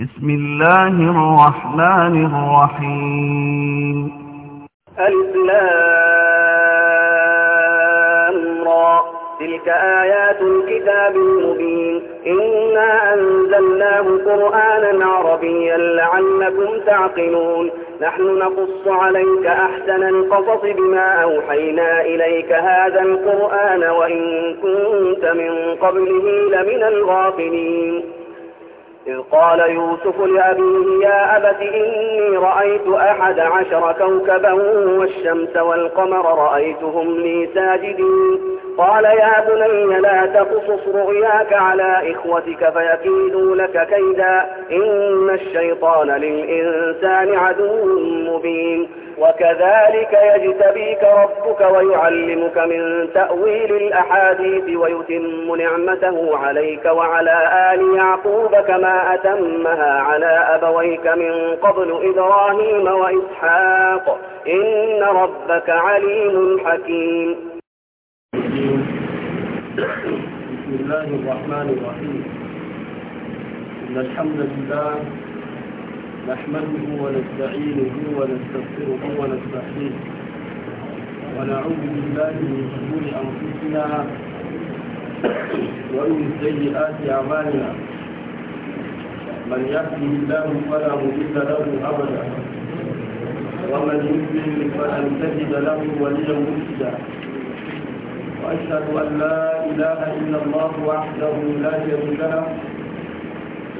بسم الله الرحمن الرحيم ألف تلك آيات الكتاب المبين إنا أنزلناه قرآنا عربيا لعلكم تعقلون نحن نقص عليك أحسن القصص بما أوحينا إليك هذا القرآن وإن كنت من قبله لمن الغافلين إذ قال يوسف لأبيه يا أبت إني رأيت أحد عشر كوكبا والشمس والقمر رأيتهم لي ساجدين قال يا بني لا تقصص رؤياك على إخوتك فيكيدوا لك كيدا إن الشيطان للإنسان عدو مبين وكذلك يجتبيك ربك ويعلمك من تأويل الأحاديث ويتم نعمته عليك وعلى آل يعقوب كما أتمها على أبويك من قبل إبراهيم وإسحاق إن ربك عليم حكيم بسم الله الرحمن الرحيم إن الحمد لله نحمده ونستعينه ونستغفره ونستحييه ونعوذ بالله من شرور أنفسنا ومن سيئات أعمالنا من يهده الله فلا مضل له أبدا ومن يضلل فلن تجد له وليا مرشدا وأشهد أن لا إله إلا الله وحده لا شريك له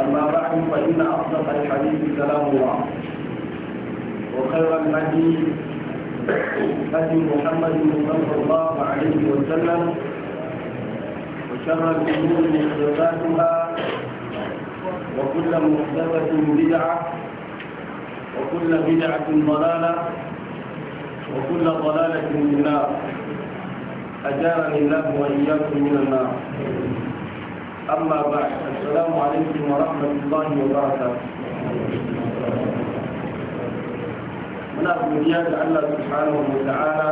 أما بعد فإن أصدق الحديث كلام الله وخير الهدي هدي محمد صلى الله عليه وسلم وشر الأمور محدثاتها وكل محدثة بدعة وكل بدعة ضلالة وكل ضلالة من النار أجارني الله وإياكم من النار أما بعد السلام عليكم ورحمة الله وبركاته muna godiya da Allah subhanahu wa ta'ala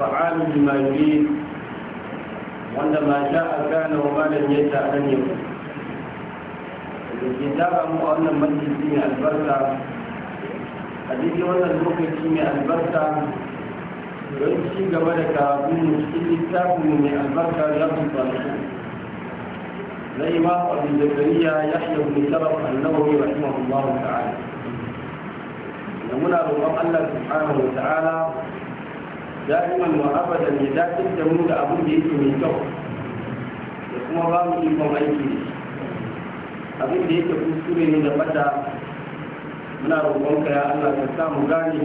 fa'al bima yurid wanda ma sha'a kana wa ma lam yasha lam yakun da ke tara mu a wannan majalisi mai albarka a daidai wannan lokaci mai albarka ci gaba da mu cikin mai albarka ya fi لإمام أبي زكريا يحيى بن سبق النووي رحمه الله تعالى نمنا رضا الله سبحانه وتعالى دائما وأبدا يدعك التمود أبو ديك من جو يقوم رامي إيقوم أيكي أبو ديك كسوري من دفتا muna roƙonka ya Allah ka sa mu gane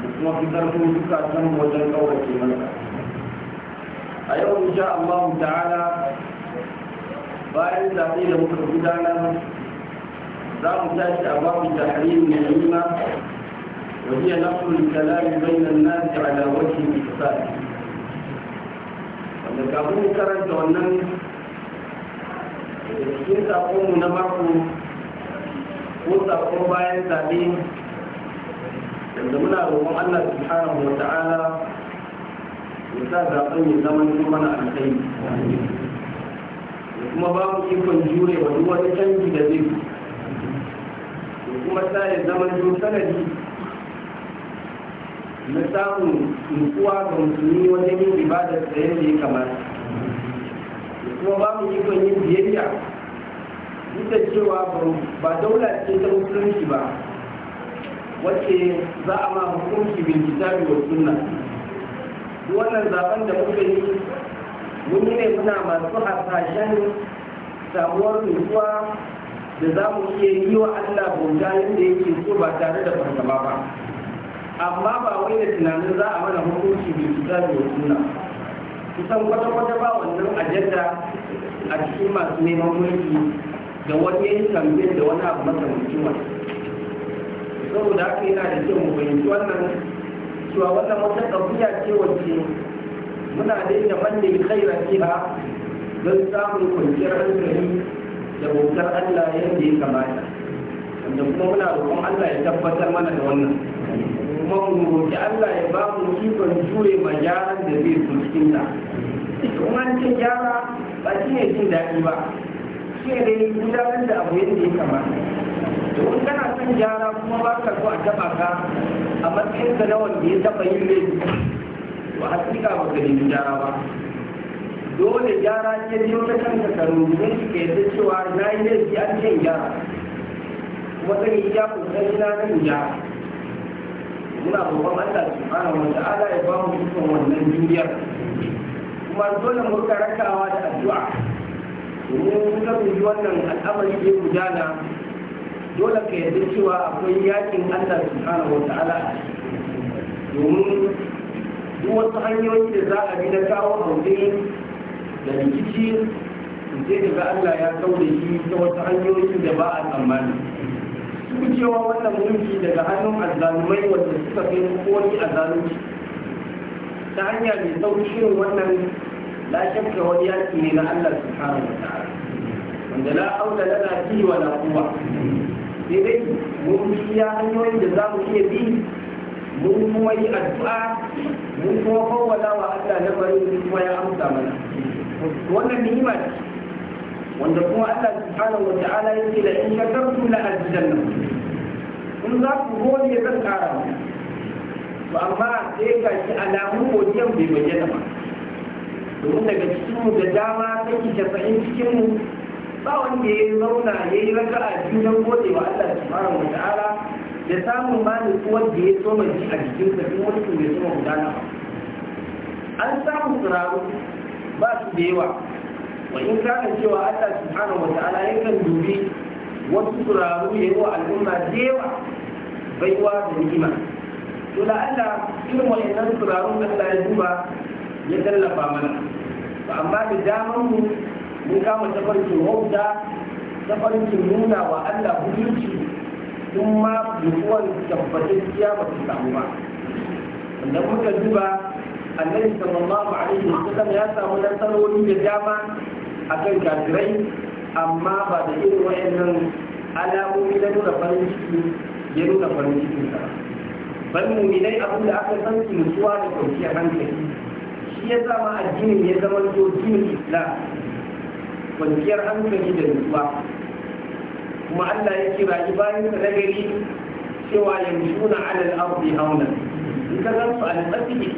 da kuma fitar mu duka san wajen kaurace maka a yau insha Allah ta'ala bayan zaɓe da muka gudanar za mu tashi a babu tahrim ne nima wa hiya nafsul kalam bayna an-nas ala wajhi al-ihsan wanda kafin mu karanta wannan cikin sakon mu na mako ko sakon bayan zaɓe da muna roƙon Allah subhanahu wa ta'ala ya sa zaɓen ya zama mana alkhairi kuma babu ikon jure wa duk wani canji da zai kuma sa ya zama jo sanadi na samun nutsuwa ga musulmi wajen yin ibadar da yadda ya kamata kuma babu ikon yin biyayya duk da cewa ba daula ce ta musulunci ba wacce za a ma hukunci bin kitabi wa sunna wannan zaben da muka yi mun yi ne muna masu hasashen samuwar nutsuwa da za mu iya yi wa Allah bauta yadda yake so ba tare da fargaba ba amma ba wai da tunanin za a mana hukunci da fita da suna kusan kwata-kwata ba wannan ajanda a cikin masu neman mulki da wani yin kamfen da wani abu makamancin wani saboda haka yana da kyau mu fahimci wannan cewa wannan wata ɗabi'a ce wacce muna daina manne khairan fiha don samun kwanciyar hankali da bautar Allah yadda ya kamata wanda kuma muna roƙon Allah ya tabbatar mana da wannan kuma mu roƙi Allah ya ba mu ikon jure ma gyaran da zai so cikin ta kuma an ce gyara ba shi ne jin daɗi ba shi ne dai gudanar da abu yadda ya kamata domin kana son gyara kuma ba ka so a taɓa ka a matsayin ka na wanda ya taɓa yin laifi ba a tsika ba ka nemi gyara ba dole gyara ce biyo ta kanka ka rubuce shi ka ta cewa na yi laifi an ce gyara kuma zan yi ya kusa kokari na zan gyara muna roƙon Allah subhanahu wa ta'ala ya ba mu dukkan wannan duniyar kuma dole mu rika rakawa da addu'a domin ka rubi wannan al'amari da ya gudana dole ka yadda cewa akwai yakin Allah subhanahu wa ta'ala domin duk wasu hanyoyi da za a bi na kawo aure da rikici sai da ga Allah ya kaure shi ta wasu hanyoyin da ba a tsammani su cewa wannan mulki daga hannun azzalumai wanda suka kai kowani azzalunci ta hanya mai sauki shirin wannan la shakka wani yaki ne na Allah subhanahu wa ta'ala wanda la aula lana fihi wa la quwwa sai dai mun biya hanyoyin da za mu iya bi mun kuma yi addu'a mun kuma fawwala wa Allah na bari kuma ya amsa mana wannan ni'ima ce wanda kuma Allah subhanahu wa ta'ala yake da in shakartum la azidanna in za ku gode zan kara to amma sai ga shi alamun godiyan bai bayyana ba domin daga cikinmu da dama kashi cikin mu ba wanda ya zauna ya yi raka'a biyu don gode wa Allah subhanahu wa ta'ala da samun malin kuwan da ya soma ji a jikinsa in wani su mai soma gudana an samu tsiraru ba su da yawa wa in kana cewa Allah subhanahu wa ta'ala kan dubi wasu tsiraru ya yi wa al'umma da yawa baiwa da ni'ima to da Allah irin wa'annan tsirarun Allah ya duba ya tallafa mana ba amma da damar mu mun kama tafarkin wauta tafarkin nuna wa Allah hukunci sun ma mutuwar tabbatacciya ba su samu ba idan muka duba annabi sallallahu alaihi wasallam ya samu nasarori da dama a kan kafirai amma ba da irin wayannan alamomi na nuna farin ciki ya nuna farin ciki ba bal mu'minai abin da aka san su mutuwa da kwanciyar hankali shi ya zama a addinin ya zama to dinin islam kwanciyar hankali da mutuwa kuma Allah ya kira shi bayan da nagari cewa yamshuna ala al-ardi hauna in ka ga su al-qasdi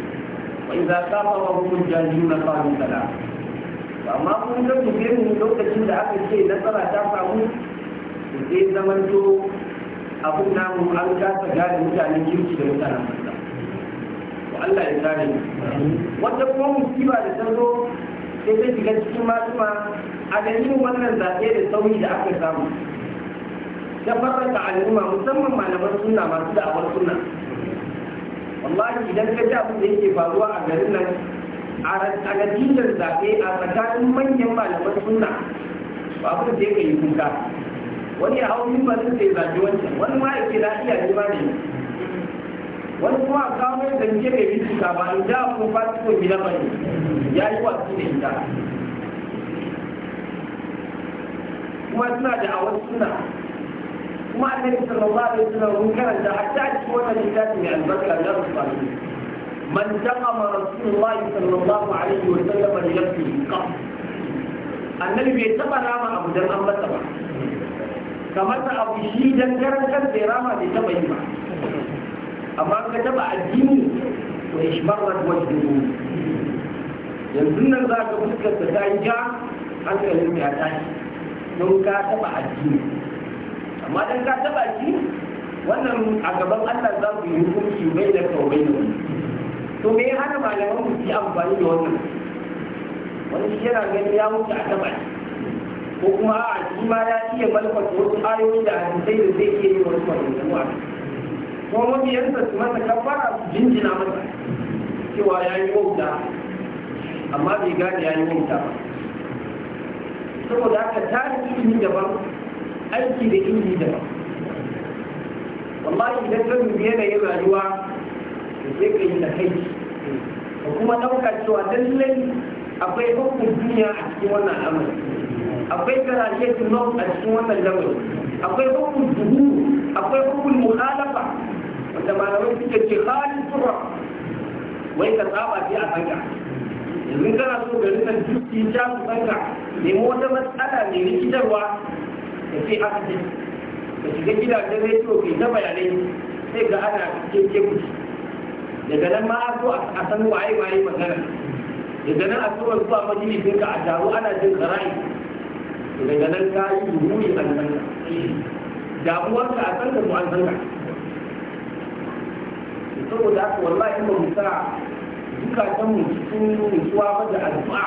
wa idza qama wa hum jajuna qalu salam amma kun ga mutum lokacin da aka ce nasara ta samu sai zaman to abun namu an kasa gane mutanen kirki da mutanen banza Allah ya kare wanda kuma musiba da ta zo sai ta shiga cikin masu ma a ganin wannan zaɓe da sauyi da aka samu na da al'umma musamman malaman suna masu da'awar suna. wallahi idan ka ji abin da yake faruwa a garin nan a natijar zaɓe a tsakanin manyan malaman suna, ba abin da ya yi kuka wani ya hau sun sai zaɓi wancan wani ma yake lafiya ne ma ne wani kuma a kawo yadda nke mai bincika ba in ja abin fasiko gida ba ne ya yi wasu da ita kuma suna da awar suna ما النبي صلى الله عليه وسلم وكان حتى تكون لذاته عن بكر لا الصالحين من سقم رسول الله صلى الله عليه وسلم لنفسه قط النبي بيتبع راما أبو دم أم بتبع كما أبو شيء جنجر كان في راما بيتبع يبع أما كتبع الدين وإشبرت وجهه يمكن أن ذاك فكرة تتعجع أنت لم يعتعي لو كاتب الدين amma dan ka taba shi wannan a gaban Allah za ku yi hukunci bai da kawai da to me ya hana malaman ku yi amfani da wannan wani shi yana ganin ya mutu a taba ki ko kuma a shi ma ya iya malfata wasu ayoyi da hadisai da zai iya yi wasu maganganu kuma ko mabiyansa su masa kafara su jinjina masa cewa ya yi wauta amma bai gane ya yi wauta ba saboda haka tarihi ne daban aiki da inji da wallahi idan ka dubi yanayin rayuwa da sai ka yi da kai da kuma ɗauka cewa lallai akwai hukun duniya a cikin wannan al'amari akwai karashe tunau a cikin wannan lamari akwai hukun duhu akwai hukun muhalafa wanda malamai suke ce halin tura wai ka tsaba ce a kanka yanzu kana so garin nan duk ya ja su kanka nemo wata matsala mai rikitarwa da sai asibiti da shiga gidajen rediyo kai ta bayanai sai ga ana keke kuci daga nan ma so a san waye waye magana daga nan a tura zuwa majalisin ka a taro ana jin karai daga nan ka yi ruhuri a nan ka a san da mu an san saboda haka wallahi ba mu sa zukatan mu cikin nutsuwa ba da addu'a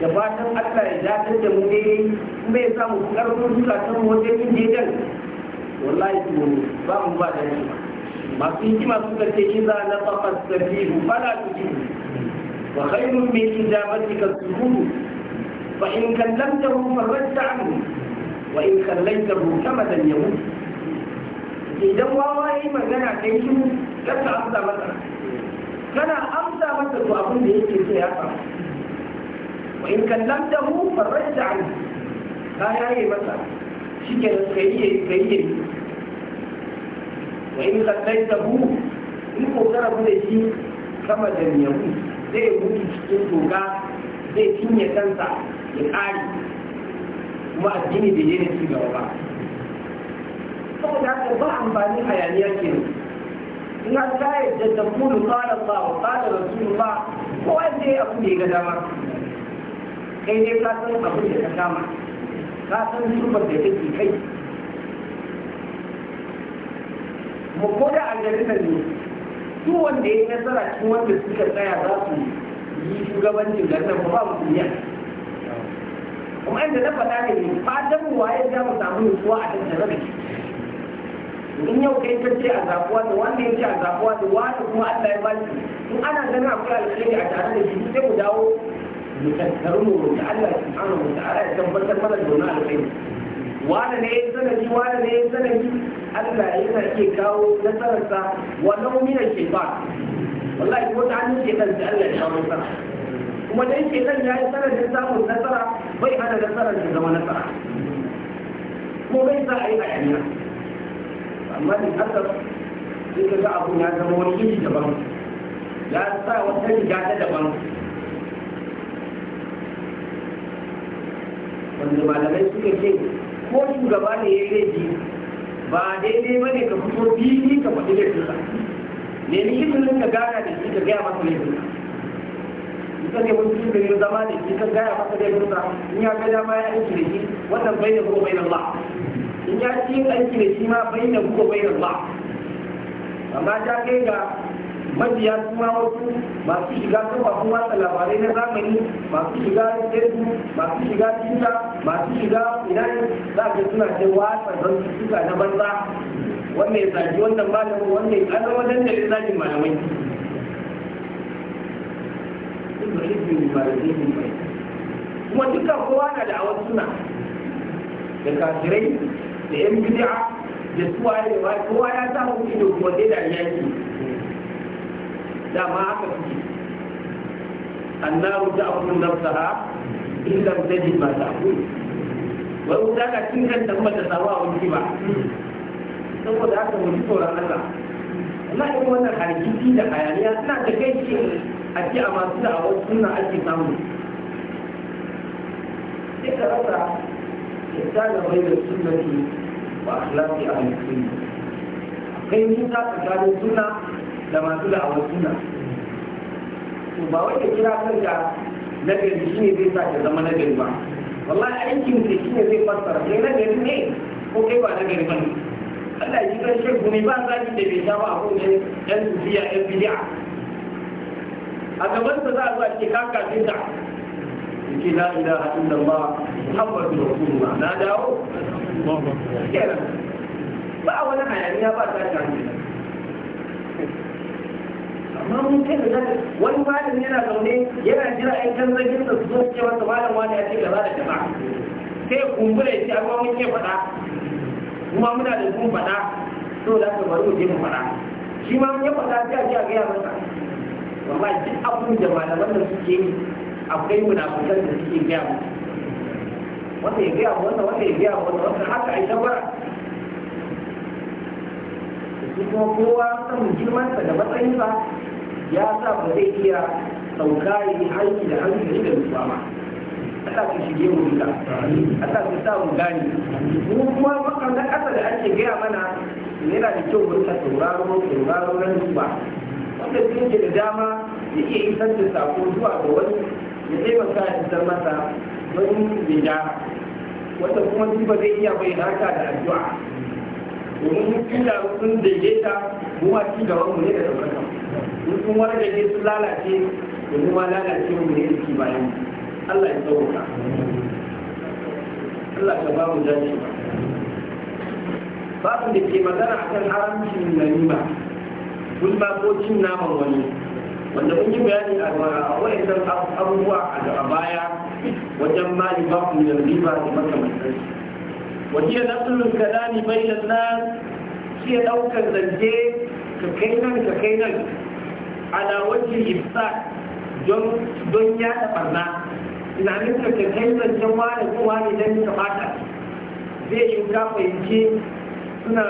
da fatan Allah ya dace da mu dai kuma bai samu karfin zuwa ta wajen yin daidan wallahi to ba mu ba da shi masu hikima suka shi za na fafa sabihu su ji wa khairu min ijabatika sujudu fa in hu farajta anhu wa in kama dan yamut idan wawa yi magana kai shi kasa amsa masa kana amsa masa to abin da yake so ya faru wa in kallamtahu farajta anhu ka yaye masa shikenan kai yayi kai yayi wa in qaddaytahu in ko kana da shi kama da yahu zai mutu cikin doka zai cinye kansa ya kare kuma addini da yana ci gaba ba saboda haka ba amfani hayaniya kenan in an ka yadda da kullu qala Allah wa qala ko wanda ya abu ne ga dama kai ne ka san abin da ka kama ka san zubar da take kai mu ko da aljannan ne duk wanda ya nasara cikin wanda suka tsaya za su yi shugabancin garin ba mu duniya kuma inda na faɗa ne fatan mu waye za mu samu nutsuwa a tattare da shi in yau kai ka ce a zafuwa da wanda ya ce a zafuwa da wanda kuma Allah ya bani in ana ganin akwai alkhairi a tare da shi sai mu dawo mu tattaru mu roƙi Allah subhanahu wa ta'ala ya tabbatar mana da wannan alƙairi wani ne ya sanadi wani ne ya sanadi Allah yana ke kawo nasararsa wannan mina ke ba wallahi ko ta hannun ke kan Allah ya kawo nasara kuma dan ke kan ya yi sanadin samun nasara bai hana nasarar ta zama nasara ko bai sa a yi hayaniya amma da haka sai ka ga abun ya zama wani iri daban ya sa wata riga ta daban wanda malamai suka ce ko shugaba ne ya laifi ba daidai ba ne ka fito biyu ka faɗi ne ni izinin ka gana da shi ka gaya masa laifinsa ita ne wani cikin gari zama da shi ka gaya masa laifinsa in ya ga dama ya aiki da shi wannan bai da kuma bai da ba in ya ci aiki da shi ma bai da kuma bai da ba amma ta kai ga mabiya kuma wasu masu shiga kuma ta labarai na zamani masu shiga facebook masu shiga twitter masu shiga idan za ka suna ce zan zantuka na banza wanda ya zagi wannan malamu wanda ya zama ya zagin malamai kuma duka kowa na da awar suna da kafirai da yan bid'a da suwaye da kowa ya samu ido kuma dai da yanki dama haka suke annaru ta'kulu inda ta ji ba ta ta'kulu wai wuta ka cin kanta ba ta a abinci ba saboda haka mu ji tsoron Allah Allah ya wannan harkiki da hayaniya suna da kai ce a ce a masu da awon suna ake samu sai ka rasa ya da mai da ba a akhlaqi a hankali kai mu za ka gano sunna da masu da'awar suna to ba wai ka kira kanka nagari shi ne zai sa ka zama nagari ba wallahi aikin ka shi ne zai fassara kai nagari ne ko kai ba nagari ba ne Allah ya ji kan shegu ne ba zaki da bai sha ba a kowace yan sufiya yan bidi'a a gabansa za a zuwa ce kaka bid'a yake la ilaha illallah muhammadu rasulullah na dawo ba wani hayaniya ba ta shi hankali amma mun kai da wani malami yana zaune yana jira ai kan zagin da su zo su ce masa malam wani ya ce gaba da gaba sai kumbura ya ce amma mun ke faɗa kuma muna da kun faɗa to da ka bari mu je mu faɗa shi ma mun ya faɗa sai a ji a gaya masa wallahi duk abin da malaman da suke yi akwai munafukan da suke gaya musu wanda ya gaya wanda wanda ya gaya wanda wanda haka ai shawara kuma kowa samun girmansa da matsayinsa ya sa ba zai iya sauka ya yi aiki da hankali da nutsuwa ba Allah ka shige mu duka Allah ka sa mu gani mu kuma makan da ƙasa da ake gaya mana yana da kyau mu rika sauraro sauraro nan nutsuwa wanda sun ke da dama ya iya isar da sako zuwa ga wani ya taimaka ya isar masa wani ya wanda kuma duk ba zai iya bayyana haka da addu'a domin mun tunda sun daidaita mu ma ci gaban mu ne da ɗaukaka mun sun wani da sun lalace da mu ma lalace mu ne da bayan Allah ya tsawuka Allah ka ba mu jaje babu da ke magana akan haramcin namima gulma ko cin naman wani wanda mun yi bayani a a wa'annan abubuwa a baya wajen ma libafu da riba da makamantarsu wajen nasarar bai da nan shi ya daukar zarge ka kai nan ka kai nan ala wajen ibsa don ya na ina nuka ka kai zancen wani kuma ne don ta zai yi ka fahimci suna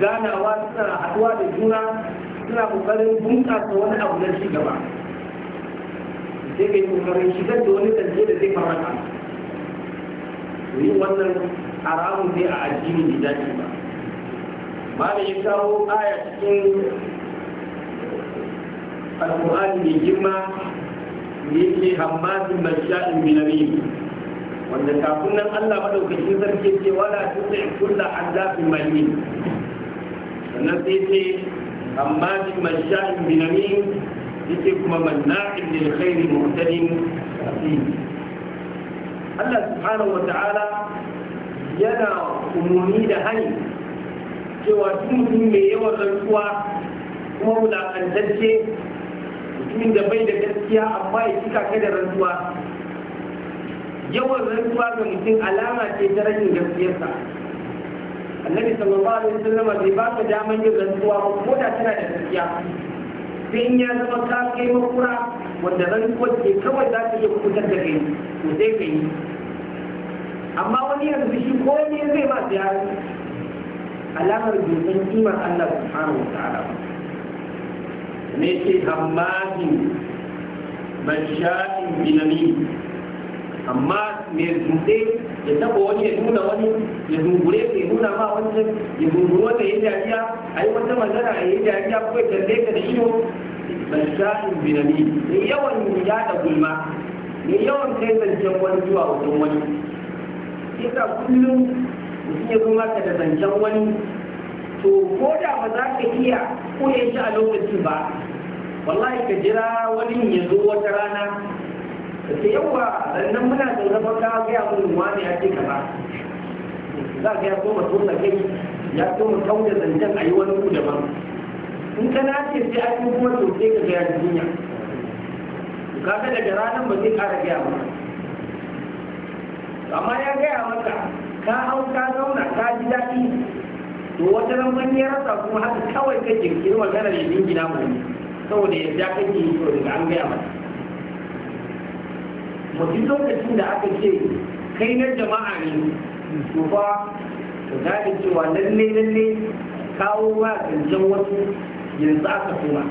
ganawa suna haduwa da juna suna kokarin bunƙasa wani abu na ci gaba sai ka yi kokarin shigar da wani zarge da zai faranta yin wannan haramun ne a addini da dace ba malam ya kawo aya cikin alƙur'ani mai girma da yake hammadin masha'in binabi wanda kafin nan Allah madaukakin sarki ce wala tuti kullu hadafin mahin sannan sai ce hammadin masha'in binabi yake kuma manna'in lil khairi muhtadin asim Allah subhanahu wa ta'ala yana umumi da hani cewa duk mutum mai yawan rantsuwa kuma wulaƙantacce mutumin da bai da gaskiya amma ya cika kai da rantsuwa yawan rantsuwa ga mutum alama ce ta rashin gaskiyarsa annabi sallallahu alaihi wasallam bai ba ka daman yin rantsuwa ko da tana da gaskiya sai in ya zama ka kai makura wanda zan ke kawai za ka iya kutar da kai to sai ka yi amma wani yanzu shi ko wani ya zai masu siya alamar dokin iman Allah subhanahu wa ta'ala ne ce hammadin bashaɗin binami amma mai dutse ya taba wani ya nuna wani ya zungure ka ya nuna ma wancan ya zungure wata ya yi dariya a yi wata magana a yi dariya ko ya tarbe ka da ido basharin binani ne yawan yada gulma ne yawan kai zancen wani zuwa wajen wani kisa kullum mutum ya zo ka da zancen wani to ko da ba za ka iya ya shi a lokacin ba wallahi ka jira wani ya zo wata rana ka ce yawa sannan muna da zama ka gaya mun wani ya ce ba za ka ya koma tona kai ya koma kauda zancen a yi wani ku daban in ka nace sai a cikin kuma to sai ka ga ya duniya ka ga daga ranar ba zai ƙara gaya ba amma ya gaya maka ka hau ka zauna ka ji daɗi to wata nan ban ya rasa kuma haka kawai ka kirkiri maganar ya dingina mu saboda yadda kake yi to daga an gaya maka mutum lokacin da aka ce kai na jama'a ne to fa cewa lalle lalle kawo ma zancen wasu ينزعك فيما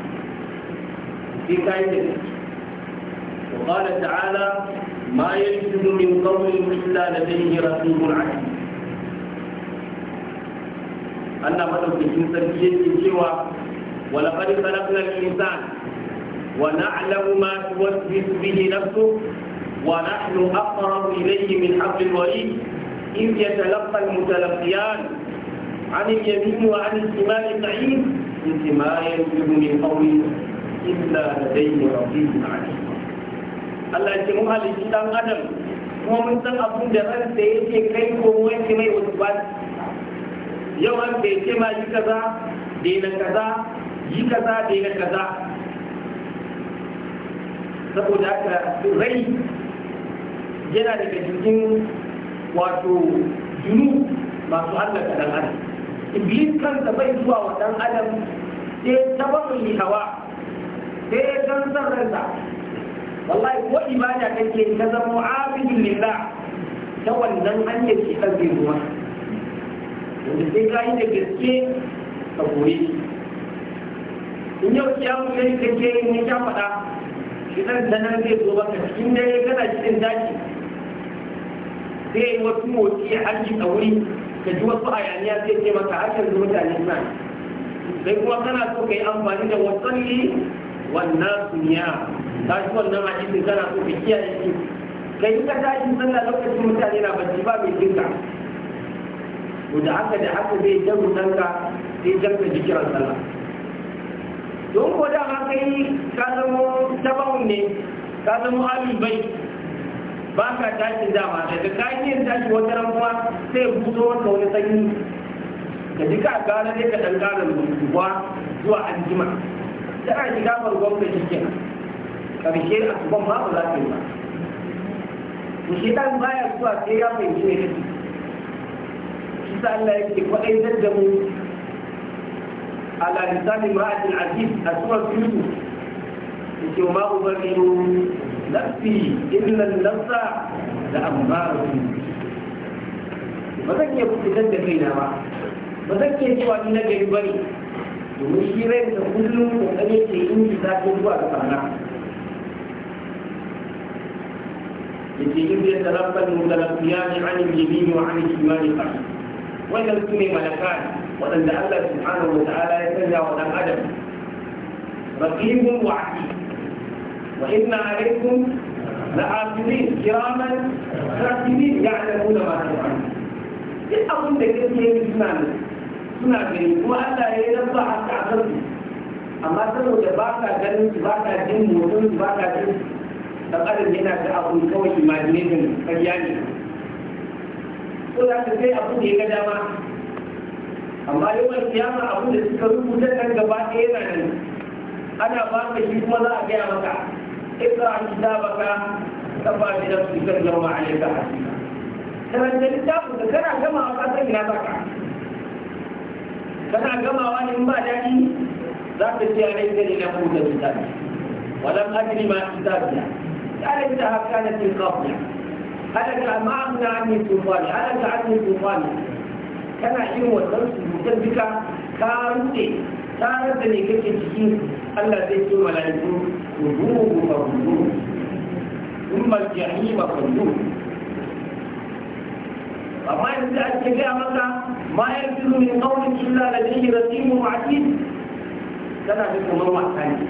في كائن وقال تعالى ما يجد من قول إلا لديه رسول أنا أن مدرسة الإنسان في الجوا ولقد خلقنا الإنسان ونعلم ما توسوس به نفسه ونحن أقرب إليه من حبل الوريد إذ يتلقى المتلقيان عن اليمين وعن الشمال قعيد yake ma yanzu min qawli illa ladayhi raqibun alim Allah ya ce mu halitta dan adam kuma mun san abun da ran da yake kai ko wani mai wasu ba yau an bai ce ma yi kaza daina kaza yi kaza daina kaza saboda haka rai yana daga cikin wato junu masu hallaka dan adam iblis kansa bai zuwa wa dan adam sai sababin lihawa sai ya san san ransa wallahi ko ibada kake ta zama abidin lillah ta wannan hanyar ki kan zai zuwa wanda sai ka yi da gaske ka koyi in yau kiyamu ne kake yin ya faɗa shi da sanar zai zo baka cikin dare kana cikin daji sai wasu motsi a hanci a wuri ka ji wasu ayaniya sai ke maka hakan da mutane suna sai kuma kana so ka yi amfani da wasanni wannan duniya ta shi wannan hadisi kana so ka kiyaye shi kai ka tashi sallah lokacin mutane na bacci ba mai jinka to da haka da haka zai jaru danka sai ka jikiran sallah don ko haka yi ka zama tabawun ne ka zama amin bai ba ka tashi dama daga kayan tashi wata ranuwa sai sai buso wata wani sanyi Da ji ka gane ne ka dan ƙara kuwa zuwa anjima da a shiga farkon ka shi kenan ƙarshe a tuban ba za ka yi ba ku shi dan baya zuwa sai ya fahimci ne da shi sa Allah ke kwaɗaitar da mu ala lisani ma'atin aziz a suwar yusuf yake ma ubarri nafsi illa nafsa da ambaru ba zan iya fitar da kaina ba ba zan iya cewa ni na gari bane domin shi rai da kullum kokari ke yin shi ta zuwa da farna yake in ya talaffa mutalaffiyani an al-yamin wa an al-shimal qasim wannan sune malakan waɗanda Allah subhanahu wa ta'ala ya sanya wa dan adam raqibun wa وإن عليكم لحافظين كراما كاتبين يعلمون ما تفعلون duk abin da kake yi suna ne suna gani kuma Allah ya yi rabba a kasar su amma saboda ba ka ganin su ba ka jin motsin su ba ka jin dan adam yana da abu kawai imagination kariya ne ko za ka sai abu da ya ga dama amma yi yawan kiyama abu da suka rubuta kan gaba ɗaya yana nan ana ba ka shi kuma za a gaya maka اقرا كتابك كفى بنفسك اليوم عليك حسيبا karanta littafin da kana gamawa ka san ina zaka kana gamawa ne in ba daɗi za ka ce a laifin ne na kuta littafi walam adri ma kitabiya قالت لها كانت القافية هلك ما أغنى عني سلطاني هلك عني سلطاني كان حين وصلت بك كارثة كارثة لكي تجيب Allah zai ce mala'iku ruhu fa ruhu thumma al-jahim kullu amma in da ake ga maka ma yarzu min qawlin illa ladayhi raqibun atid kana da kuma wata ne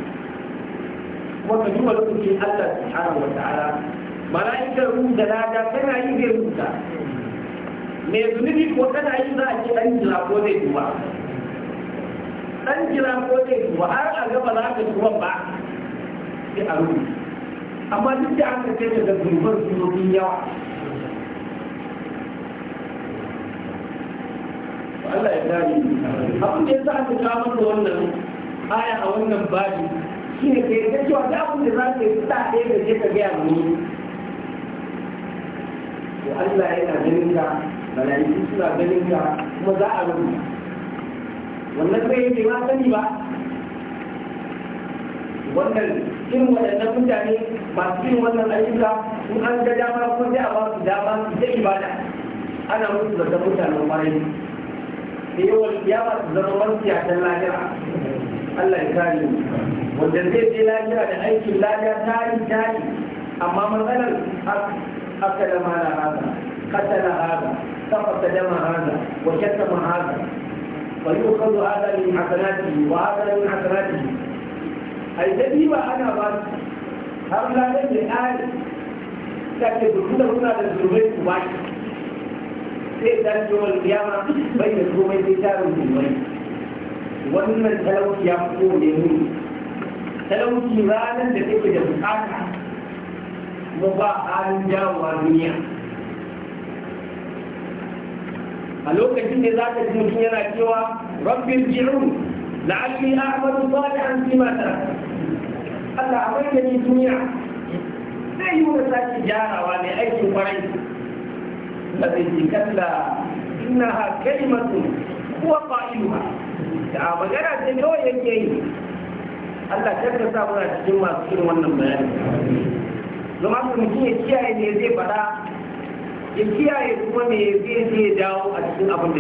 kuma ka duba lokacin Allah subhanahu wa ta'ala mala'ikar ruhu da lada tana yi bai rubuta mai zunubi ko tana yi za a ce ɗan jira ko zai duba an jira ko ne ba har a gaba za ka tuba ba sai a rubuta amma duk da aka kai daga zubar sunofin yawa Allah ya gane abin da ya sa aka kawo da wannan aya a wannan babi shi ne ka yarda cewa da abin da za ka yi sa ɗaya da ke ka gaya mu ne to Allah yana ganin ka mala'iku suna ganin ka kuma za a rubuta wannan kai yi ba sani ba wannan irin waɗannan mutane masu yin wannan ayyuka in an ga dama ko sai a ba su dama su ta ibada ana musu zata mutane kwarai da ya ba su zama masu yatan lafiya. Allah ya kare mu wanda zai je lafiya da aikin yi tari tari amma matsalar akala mala hada katana haka, kafa dama haka, wa shattama hada ويؤخذ هذا من حسناته وهذا من حسناته الذي وأنا بس هؤلاء لا الآن تأتي كل هنا للزوجين تقدر يوم القيامة بين الزوجين تجار الزوجين wannan talauci يقول fito ne muni talauci ranar da take da a lokacin da za ka ji mutum yana cewa rabbin ji'un la'alli da an fi mata Allah akwai da ni duniya zai yi wata sake gyarawa mai aikin kwarai da zai ce kalla innaha kalimatu huwa qa'iluha da magana ce kawai yake yi Allah kar ka sa muna cikin masu irin wannan bayani zama su mutum ya kiyaye ne zai faɗa ya kiyaye kuma me zai je ya dawo a cikin abin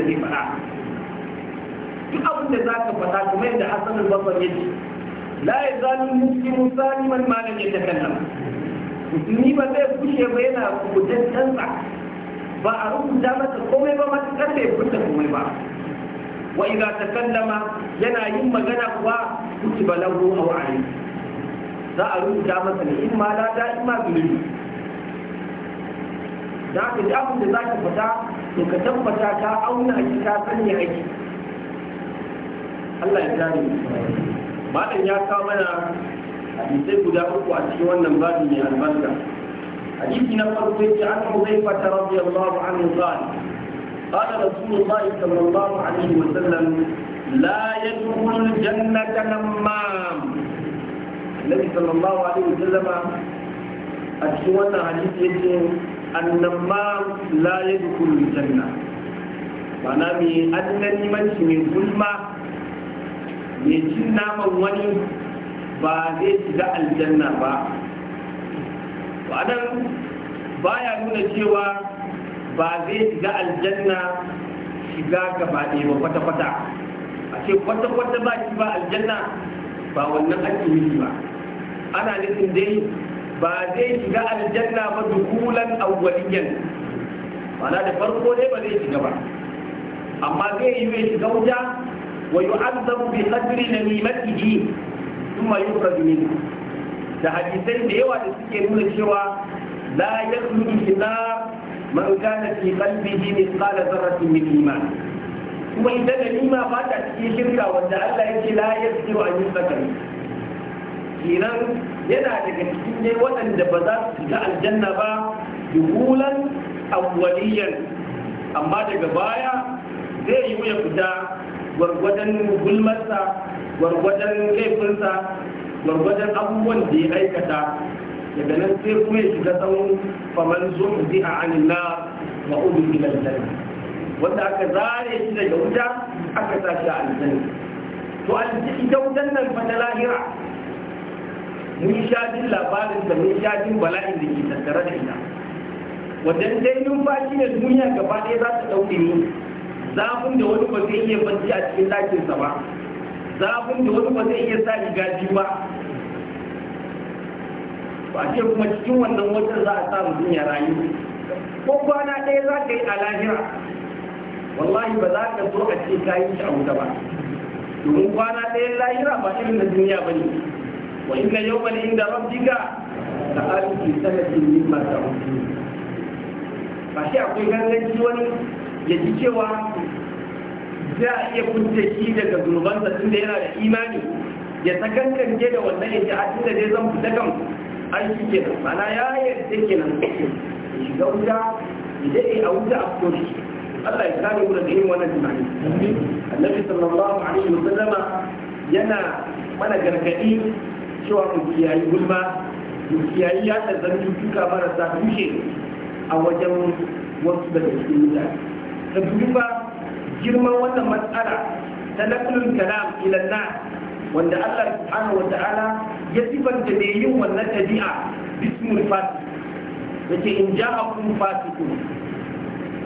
da zai faɗa duk abin da za ka faɗa kuma yadda Hassan al-Basri ya ce la yazalu muslimu saliman ma lam takallama musulmi ba zai kushe ba yana canza. ba a rubuta masa komai ba masu karfe furta komai ba wa idza takallama yana yin magana kuwa kutiba lahu aw alayhi za a rubuta masa ne in ma da in ma zulubi da ka da abin da za ka fita to ka tabbata ta auna aiki ka sanya aiki Allah ya gane malam ya kawo mana hadisai guda uku a cikin wannan babu mai albarka hadisi na farko yake an zai fata radiyallahu anhu qala qala rasulullahi sallallahu alaihi wa sallam la yadkhul jannata namam annabi sallallahu alaihi wa sallama a cikin wannan hadisi yake annamma la yadkhulul janna mana mai annanimanci mai gulma mai cin naman wani ba zai shiga aljanna ba wannan baya nuna cewa ba zai shiga aljanna shiga gaba ba kwata-kwata a ce kwata-kwata ba shi ba aljanna ba wannan ake yi ba ana nufin dai ba zai shiga aljanna ba dukulan awwaliyan mana da farko ne ba zai shiga ba amma zai yi mai shiga wuta wa yu'azzabu bi qadri namimatihi thumma yukhraju minhu da hadisai da yawa da suke nuna cewa la yakhludu fi man kana fi qalbihi mithqala dharratin min iman kuma idan nima ba ta cikin shirka wanda Allah yake la yasiru an yusakari kenan yana daga cikin dai waɗanda ba za su shiga aljanna ba dukulan awwaliyan amma daga baya zai yi ya fita gwargwadon gulmarsa gwargwadon laifinsa gwargwadon abubuwan da ya aikata daga nan sai kuma ya shiga tsawon faman zuwa a anina wa ubin ila wanda aka zare shi daga wuta aka sa shi a aljanna to aljanna ita wutan nan fa lahira mun sha jin labarin da mun sha jin bala'in da ke tattare da ita wajen dai numfashi ne duniya gaba ɗaya za ta ɗauke ni zafin da wani ba zai iya barci a cikin ɗakinsa ba zafin da wani ba zai iya sa riga biyu ba ba ce kuma cikin wannan watan za a samu duniya rayu ko kwana ɗaya za ka yi a lahira wallahi ba za ka zo a ce kayan shi a wuta ba domin kwana ɗaya lahira ba irin na duniya ba ne Wa وإن يوما عند ربك كألف سنة مما Ba shi akwai لك wani ya ji cewa za a iya kunce shi daga zunubansa tunda yana da imani ya sakankance da wannan ya ji a tunda dai zan fita kan aiki kenan mana ya yarda kenan shiga wuta idan ya wuta a fito Allah ya kare mu daga yin wannan tunani Annabi sallallahu alaihi wasallama yana mana gargadi cewa ku kiyayi gulma ku kiyayi ya tsazan cutuka marasa tushe a wajen wasu daga cikin mutane da duba girman wannan matsala ta nakulun kalam ilan na wanda Allah subhanahu wa ta'ala ya sifanta da yin wannan tabi'a bismul fasik yake in ja'akum fasikun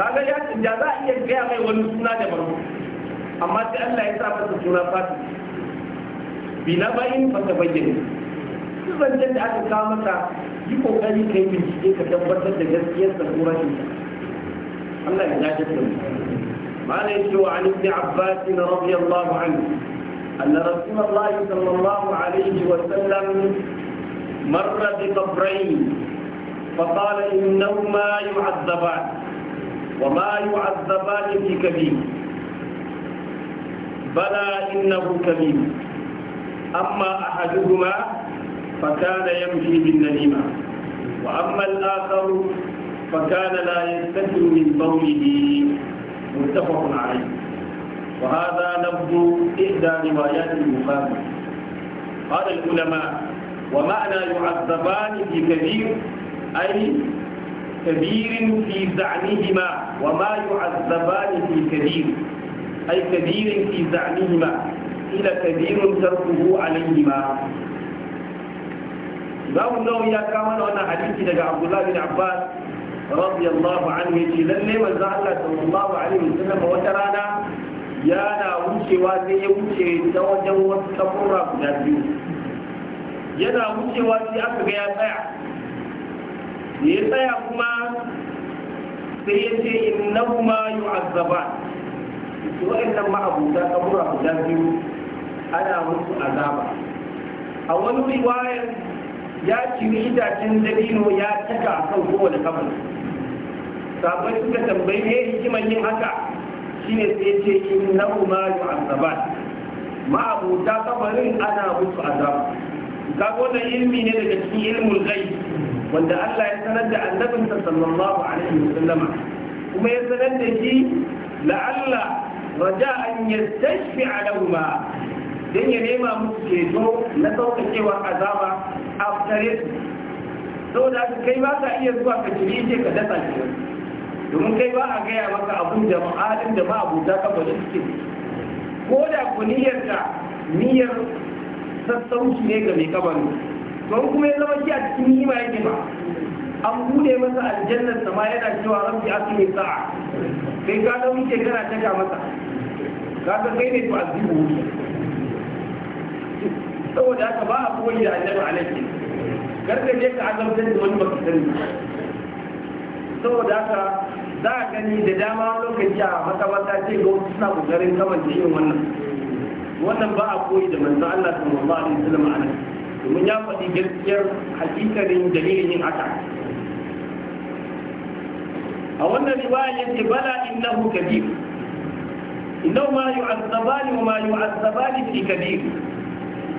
kaga ya tinda za a iya gaya mai wani suna da barko amma sai Allah ya sa masa suna fasik binabayin ba ta bayyana duk zancen da aka kawo maka yi kokari ka yi bincike ka tabbatar da gaskiyar da ko rashin Allah ya jaje da mu ما ليس عن ابن عباس رضي الله عنه أن رسول الله صلى الله عليه وسلم مر بقبرين فقال إنهما يعذبان وما يعذبان في كبير بلى إنه كبير أما أحدهما فكان يمشي بالنميمة وأما الآخر فكان لا يستتر من بوله متفق عليه وهذا لفظ إحدى روايات المخالفة قال العلماء ومعنى يعذبان في كبير أي كبير في زعمهما وما يعذبان في كبير أي كبير في زعمهما ila kabirun tarkuhu alaihima imamu nawawi ya kama da wannan hadisi daga abdullahi bin abbas radiyallahu anhu yace lalle manzo Allah sallallahu alaihi wasallam wata rana yana wucewa sai ya wuce ta wajen wasu kaburra guda biyu yana wucewa sai aka ga ya tsaya da ya tsaya kuma sai ya ce innahuma yu'azzaban to wa'annan ma'abuta kaburra guda biyu ana musu azaba a wani riwayar ya ciri itacen dabino ya cika a kan kowane kamar sabai suka tambayi ne hikimar yin haka shine sai ce innahu ma yu'azzaban ma abuta kabarin ana musu azaba ga wannan ilmi ne daga cikin ilmin ghaib wanda Allah ya sanar da annabinsa sallallahu alaihi wasallam kuma ya sanar da shi la'alla raja an yastashfi alahuma don ya nema musu ceto na saukacewa azaba a tare su saboda su kai ba ka iya zuwa ka ciri ce ka dasa shi domin kai ba a gaya maka abun da ma'adin da ba abuta ka suke ko da ku niyyarka niyyar sassauci ne ga mai kabari don kuma ya zama shi a cikin nima yake ba an bude masa aljannar sama yana cewa rabbi cikin sa'a kai ka dauki kana taka masa ka ga kai ne ba zuwa saboda haka ba a koyi da annabi alaihi karka je ka azabtar da wani baka sani saboda haka za a gani da dama lokaci a makamata ce ga wasu suna kokarin kamar da yin wannan wannan ba a koyi da manzon Allah sallallahu alaihi wasallam a nan domin ya faɗi gaskiyar hakikarin dalilin yin haka a wannan riwaya yace bala innahu kabir innahu ma yu'azzabani wa ma yu'azzabani fi kabir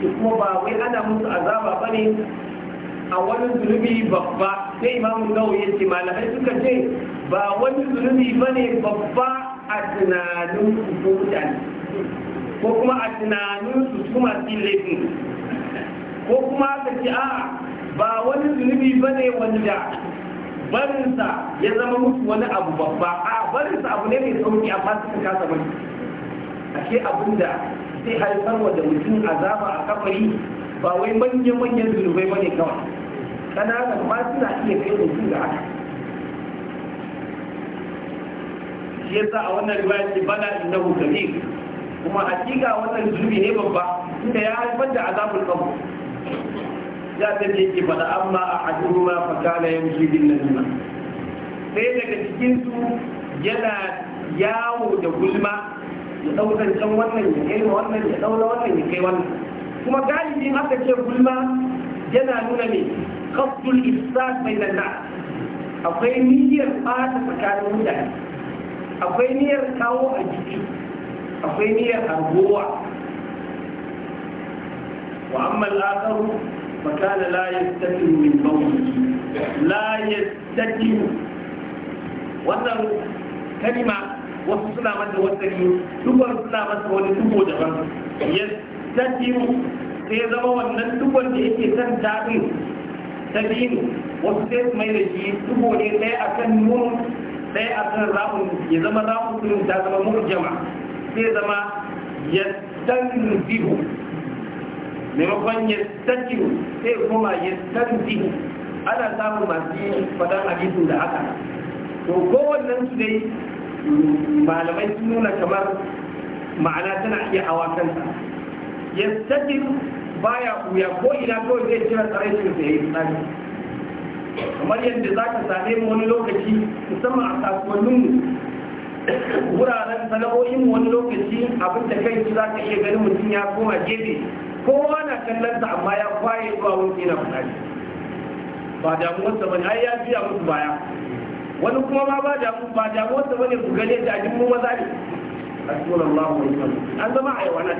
to kuma ba wai ana musu azaba ba ne a wani zunubi babba sai imamu nawawi ya ce malamai suka ce ba wani zunubi ba ne babba a tunanin su mutane ko kuma a tunanin su su masu laifin ko kuma ka ce a ba wani zunubi ba ne wanda barinsa ya zama musu wani abu babba a barinsa abu ne mai sauki amma suka kasa bari abin da sai haifar wa da mutum azaba a kafari ba wai manya-manyan zunubai bane kawai kananan ba suna iya kai mutum da haka shi yasa a wannan riwaya ce bala innahu kabir kuma hakika wannan zunubi ne babba inda ya haifar da azabul qabr ya ta ce ke fada amma ahaduhuma fa ya yamshi bin najma sai daga cikinsu yana yawo da gulma ya ɗaukar can wannan ya kai wannan ya ɗaura wannan ya kai wannan kuma galibin aka ce gulma yana nuna ne kafdul ifsad bai na akwai niyyar ɓata tsakanin mutane akwai niyyar kawo a jiki akwai niyyar argowa wa amma al'akaru makana la yastatin min bawli la ya yastatin wannan kalima wasu suna masa wasari dukkan suna masa wani tuko daban ya tatimu sai zama wannan dukkan da yake kan ta tatimu wasu sai su mai da shi tuko ne ɗaya akan nunu ɗaya kan ramun ya zama ramun sunan ta zama murjama sai zama ya tanzihu maimakon ya tanzihu sai kuma ya tanzihu ana samun masu yi faɗan hadisin da haka to kowannen su dai malamai sun nuna kamar ma'ana tana iya hawa kanta ba baya kuya ko ina kawai zai tsarai shi da yi tsari kamar yadda za ka same mu wani lokaci musamman a kasuwannin mu wuraren sana'o'in mu wani lokaci abin da kai za ka iya ganin mutum ya koma gefe kowa na kallon sa amma ya kwaye zuwa wani yana fitari ba damuwarsa ba ne ai ya biya musu baya wani kuma ma ba da ba da wanda bane ku gane ta ajin mu maza ne sallallahu alaihi wasallam an zama aiwana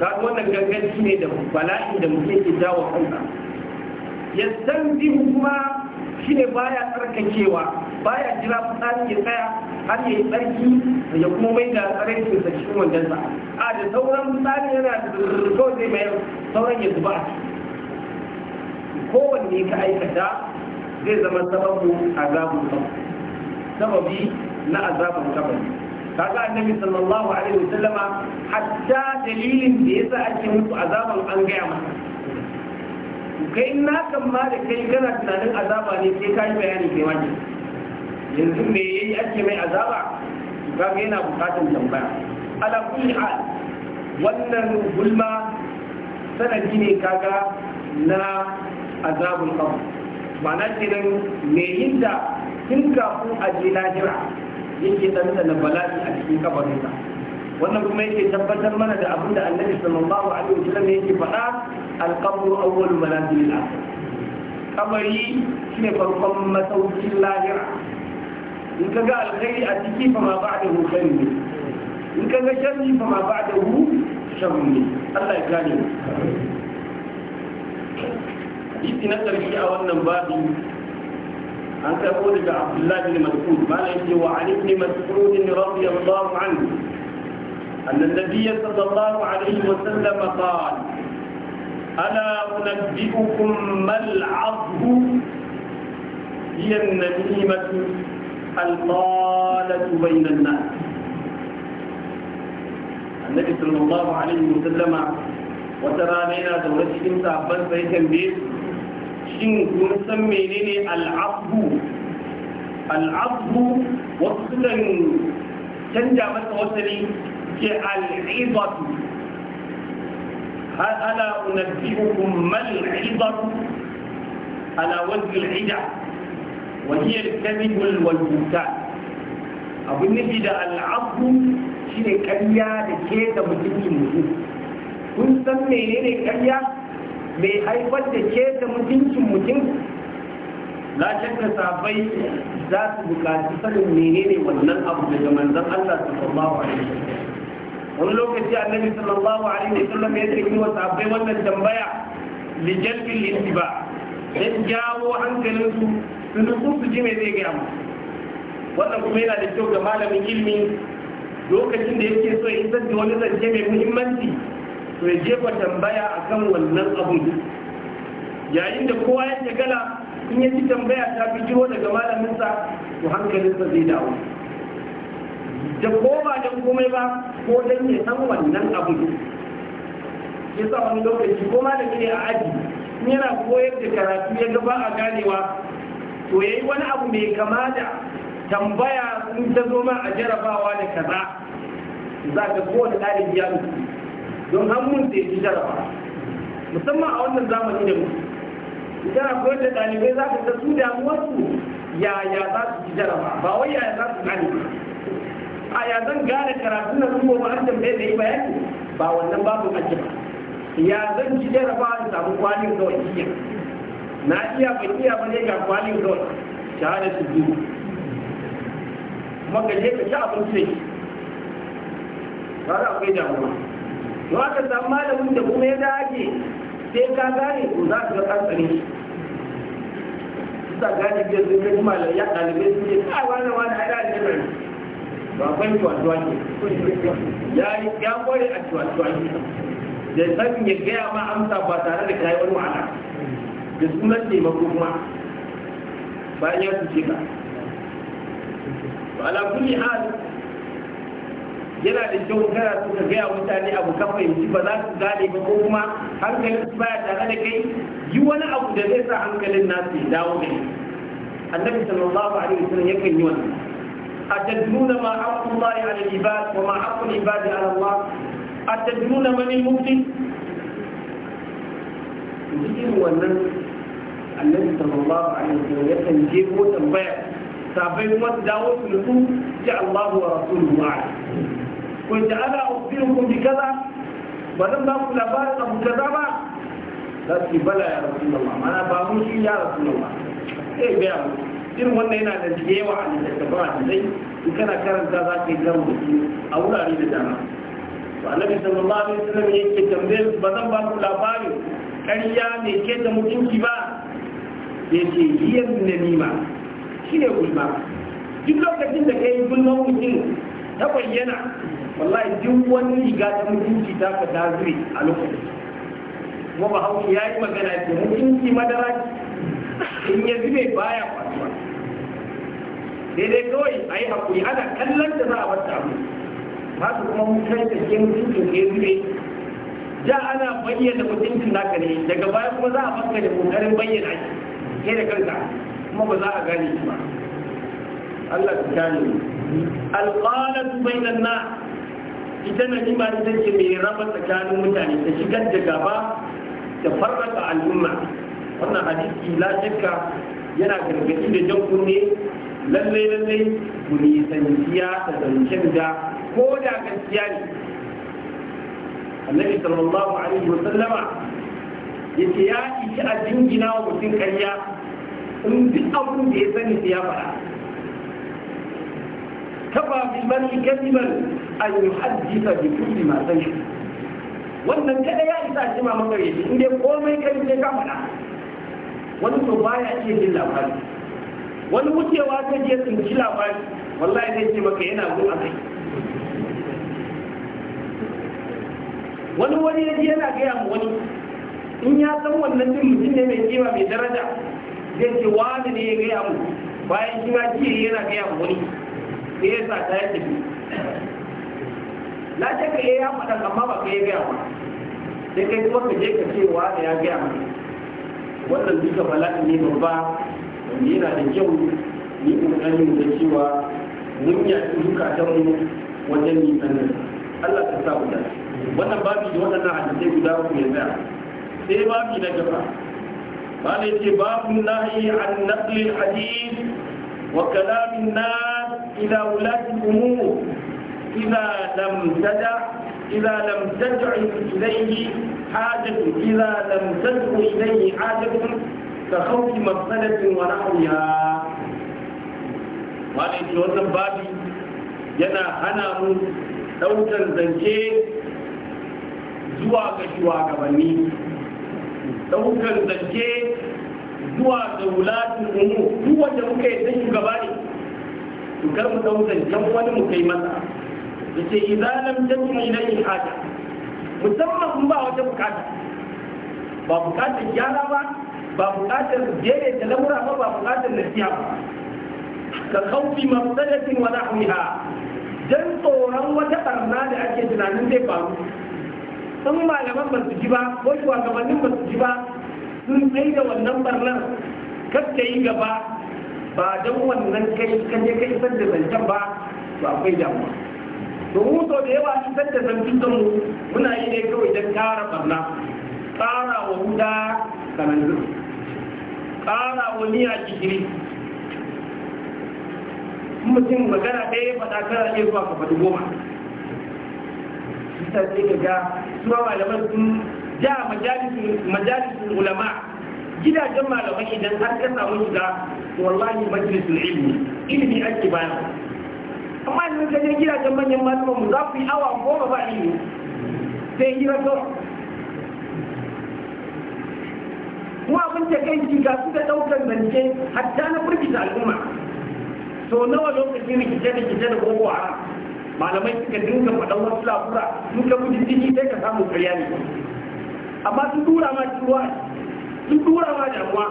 ka wannan gangan shine da bala'i da mutum ke jawo kanka ya san kuma shine baya tsarkakewa baya jira fitsari ya tsaya har ya yi tsarki ya kuma mai da tsare su da cikin sa. a da sauran fitsari yana kawai zai mayar sauran ya zuba kowanne ka aikata zai zama sababu azabun kabari sababi na azabun kabari kaga annabi sallallahu alaihi wasallama hatta dalilin da yasa ake mutu azaban an gaya masa kai na kan ma da kai kana tunanin azaba ne sai ka yi bayani kai wani yanzu me yayi ake mai azaba kaga yana bukatan tambaya ala kulli hal wannan gulma sanadi ne kaga na azabul qabr ma'ana kenan mai yin da tun kafin a je lahira yake ɗanɗana bala'i a cikin kabarinsa wannan kuma yake tabbatar mana da abin da annabi sallallahu alaihi wasallam yake faɗa alqabru awwal manazil al-akhir kamari shine farkon masaukin lahira in ka ga alkhairi a ciki fa ma ba'dahu khairun in ka ga sharri fa ma ba'dahu sharrun Allah ya gane hadisi na ƙarshe a wannan babi an karɓo daga abdullahi bin mas'ud mana yake wa ali bin mas'ud radiyallahu anhu أن النبي صلى الله عليه وسلم قال ألا أنبئكم ما العظم هي النميمة القالة بين الناس النبي صلى الله عليه وسلم وترى لنا دولتهم صعبا فيتم البيت shin kun san menene al'abdu al'abdu wasu sukan canja masa wasali ke al'ibatu ala unabbi'ukum mal al'ibatu ala wajhi al'ida wa hiya al-kadhib wal buhtan abun nufi da al'abdu shine ƙarya da ke da mutumin mutum kun san menene ƙarya mai haifar da keta mutuncin mutum lashen da sabai za su bukaci sanin menene wannan abu daga manzan Allah sallallahu alaihi wasallam wani lokaci annabi sallallahu alaihi wasallam ya yi wa sabai wannan tambaya li jalbil intiba dan jawo hankalin su su nutsu su ji me zai ga mu wannan kuma yana da kyau ga malamin ilimi lokacin da yake so ya isar da wani zance mai muhimmanci to ya jefa tambaya a kan wannan abun yayin da kowa ya gala in ya tambaya ta fi jiro daga malaminsa to hankalinsa zai dawo da ba don komai ba ko don ya san wannan abun ya sa wani lokaci ko malami ne a aji in yana koyar da karatu ya gaba a ganewa to ya yi wani abu mai kama da tambaya in ta zo ma a jarabawa da kaza za ka kowane ɗalibi ya mutu don hannun da ya jaraba musamman a wannan zamani da mu idan koyar da dalibai za ka su damuwarsu yaya za su ci jaraba ba wai yaya za su gane a ya zan gane karatu na kuma ba an tambaye da yi bayani ba wannan babu ake ba ya zan ci jaraba da samu kwalin kawai iya na iya ba iya ba ne ga kwalin kawai shahada su biyu kuma ka je ka ci abinci da shi ba akwai damuwa to aka samu malamin da kuma ya dage sai ka gane ko za ka ga kasarin shi sa gane biyar sun kai malam ya ɗalibai sun ce kai wani wani ai da ne ba kai tuwatuwa ne ya yi ya kware a tuwatuwa ne da sanin ya gaya ma amsa ba tare da kayan wani wahala da sunan taimako kuma bayan ya tuce ka ala kulli hal yana da kyau kana so ka gaya mutane abu kan fahimci ba za su gane ba ko kuma hankalin su baya tare da kai yi wani abu da zai sa hankalin nasu ya dawo da annabi sallallahu alaihi wasallam yakan yi wannan أتدرون ما حق الله على العباد وما حق العباد على الله أتدرون من المفلس يجب wannan annabi sallallahu alaihi wasallam ya kan je ko tambaya sabai kuma dawo su nufu ji Allah wa rasuluhu wanda ana ukhbirukum bi kaza ba zan ba ku labarin abu kaza ba za su bala ya rasu rasulullah mana ba mun shi ya rasulullah sai ga mu irin wannan yana da wa a littattafan a dai in kana karanta za ka yi gamu a wurare da dama Ba na to annabi sallallahu suna mai yake tambayar ba zan ba ku labarin ƙarya ne ke da mutunci ba yake hiyar nima shi ne gulma duk lokacin da ka yi gulman mutum ta bayyana wallahi duk wani riga ta mutunci ta ka ta zuri a lokacin kuma ba hauki ya yi magana ce mutunci madara in ya zube baya kwasuwa daidai kawai a yi haƙuri ana kallon da za a bar ta ba su kuma mutunci da ke mutunci ke zube ja ana bayyana mutuncin ka ne daga baya kuma za a baka da kokarin bayyana shi ke da kanka kuma ba za a gane shi ba Allah ta gane alqalatu bainan na. ita na ima ita ce mai raba tsakanin mutane ta shigar da gaba da farraka al'umma wannan hadisi la shakka yana gargaɗi da jan kunne lallai lallai mu san ya da zancen da ko da gaskiya ne annabi sallallahu alaihi wa sallama yace ya ishi a jingina wa mutum karya, in duk abin da ya sani ya faɗa kafa bil mar'i kadiban an yi haddisa da kulli ma shi wannan kada ya isa jima magareci shi dai komai kai sai ka faɗa wani to baya iya jin labari wani wucewa ta je sun ci labari wallahi zai ce maka yana gun a kai wani wani ya ji yana gaya mu wani in ya san wannan din mutum ne mai kima mai daraja zai ce wani ne ya gaya mu bayan shi ma ji yana gaya mu wani sai ya sa ta yi tafi na je ka ya faɗa amma ba ka yi gaya ba sai kai kuma ka je ka cewa da ya gaya ba wannan duka bala'i ne babba wanda yana da kyau ni ƙoƙarin da cewa mun yaƙi zukatanmu wajen nisan Allah ka sa mu dace wannan babi da waɗannan hadisai guda uku ya tsaya sai babi na gaba ce قال باب النهي عن نقل الحديث وكلام الناس إلى ولاة الأمور إذا لم تدع إذا لم تدع إليه حاجة إذا لم تدع إليه حاجة كخوف مفسدة ونحوها wani ce wannan babi yana hana mu ɗaukar zance zuwa ga shugabanni ɗaukar zance zuwa ga wulatun umu duk wanda muka yi zan shugaba ne to kar mu ɗau zancen wani mu kai masa yace idza lam tajma ilayhi haja musamman kun ba wata bukata ba bukatar gyara ba ba bukatar jere da lamura ba ba bukatar nasiha ba ka kaufi mafsadatin wa nahwiha dan tsoron wata barna da ake tunanin zai faru sun malaman ba su ji ba ko shugabannin ba su ji ba sun sai da wannan barnar kar yi gaba ba don wannan kai kaje kai san da zancen ba to akwai damuwa domin sau da yawa cutar da zarfin mu muna yi ne kawai don kara barna kara wa huda kananzir kara wa miya kikiri mutum magana ɗaya faɗa kana iya zuwa ka faɗi goma bisa sai ka ga suwa malaman sun ja majalisun ulama gidajen malamai idan har ka samu shiga wallahi majalisun ilmi ilmi ake bayarwa amma yanzu ka je gidajen manyan masu mu za ku yi awa goma ba ilimi sai hira to kuma abin da kai ga su da ɗaukar zance hatta na firgita al'umma so nawa ne rikice da rikice da boko haram malamai suka dinga faɗan wasu lafura duka ka guji sai ka samu karya ne amma sun tura ma ciwa sun tura ma damuwa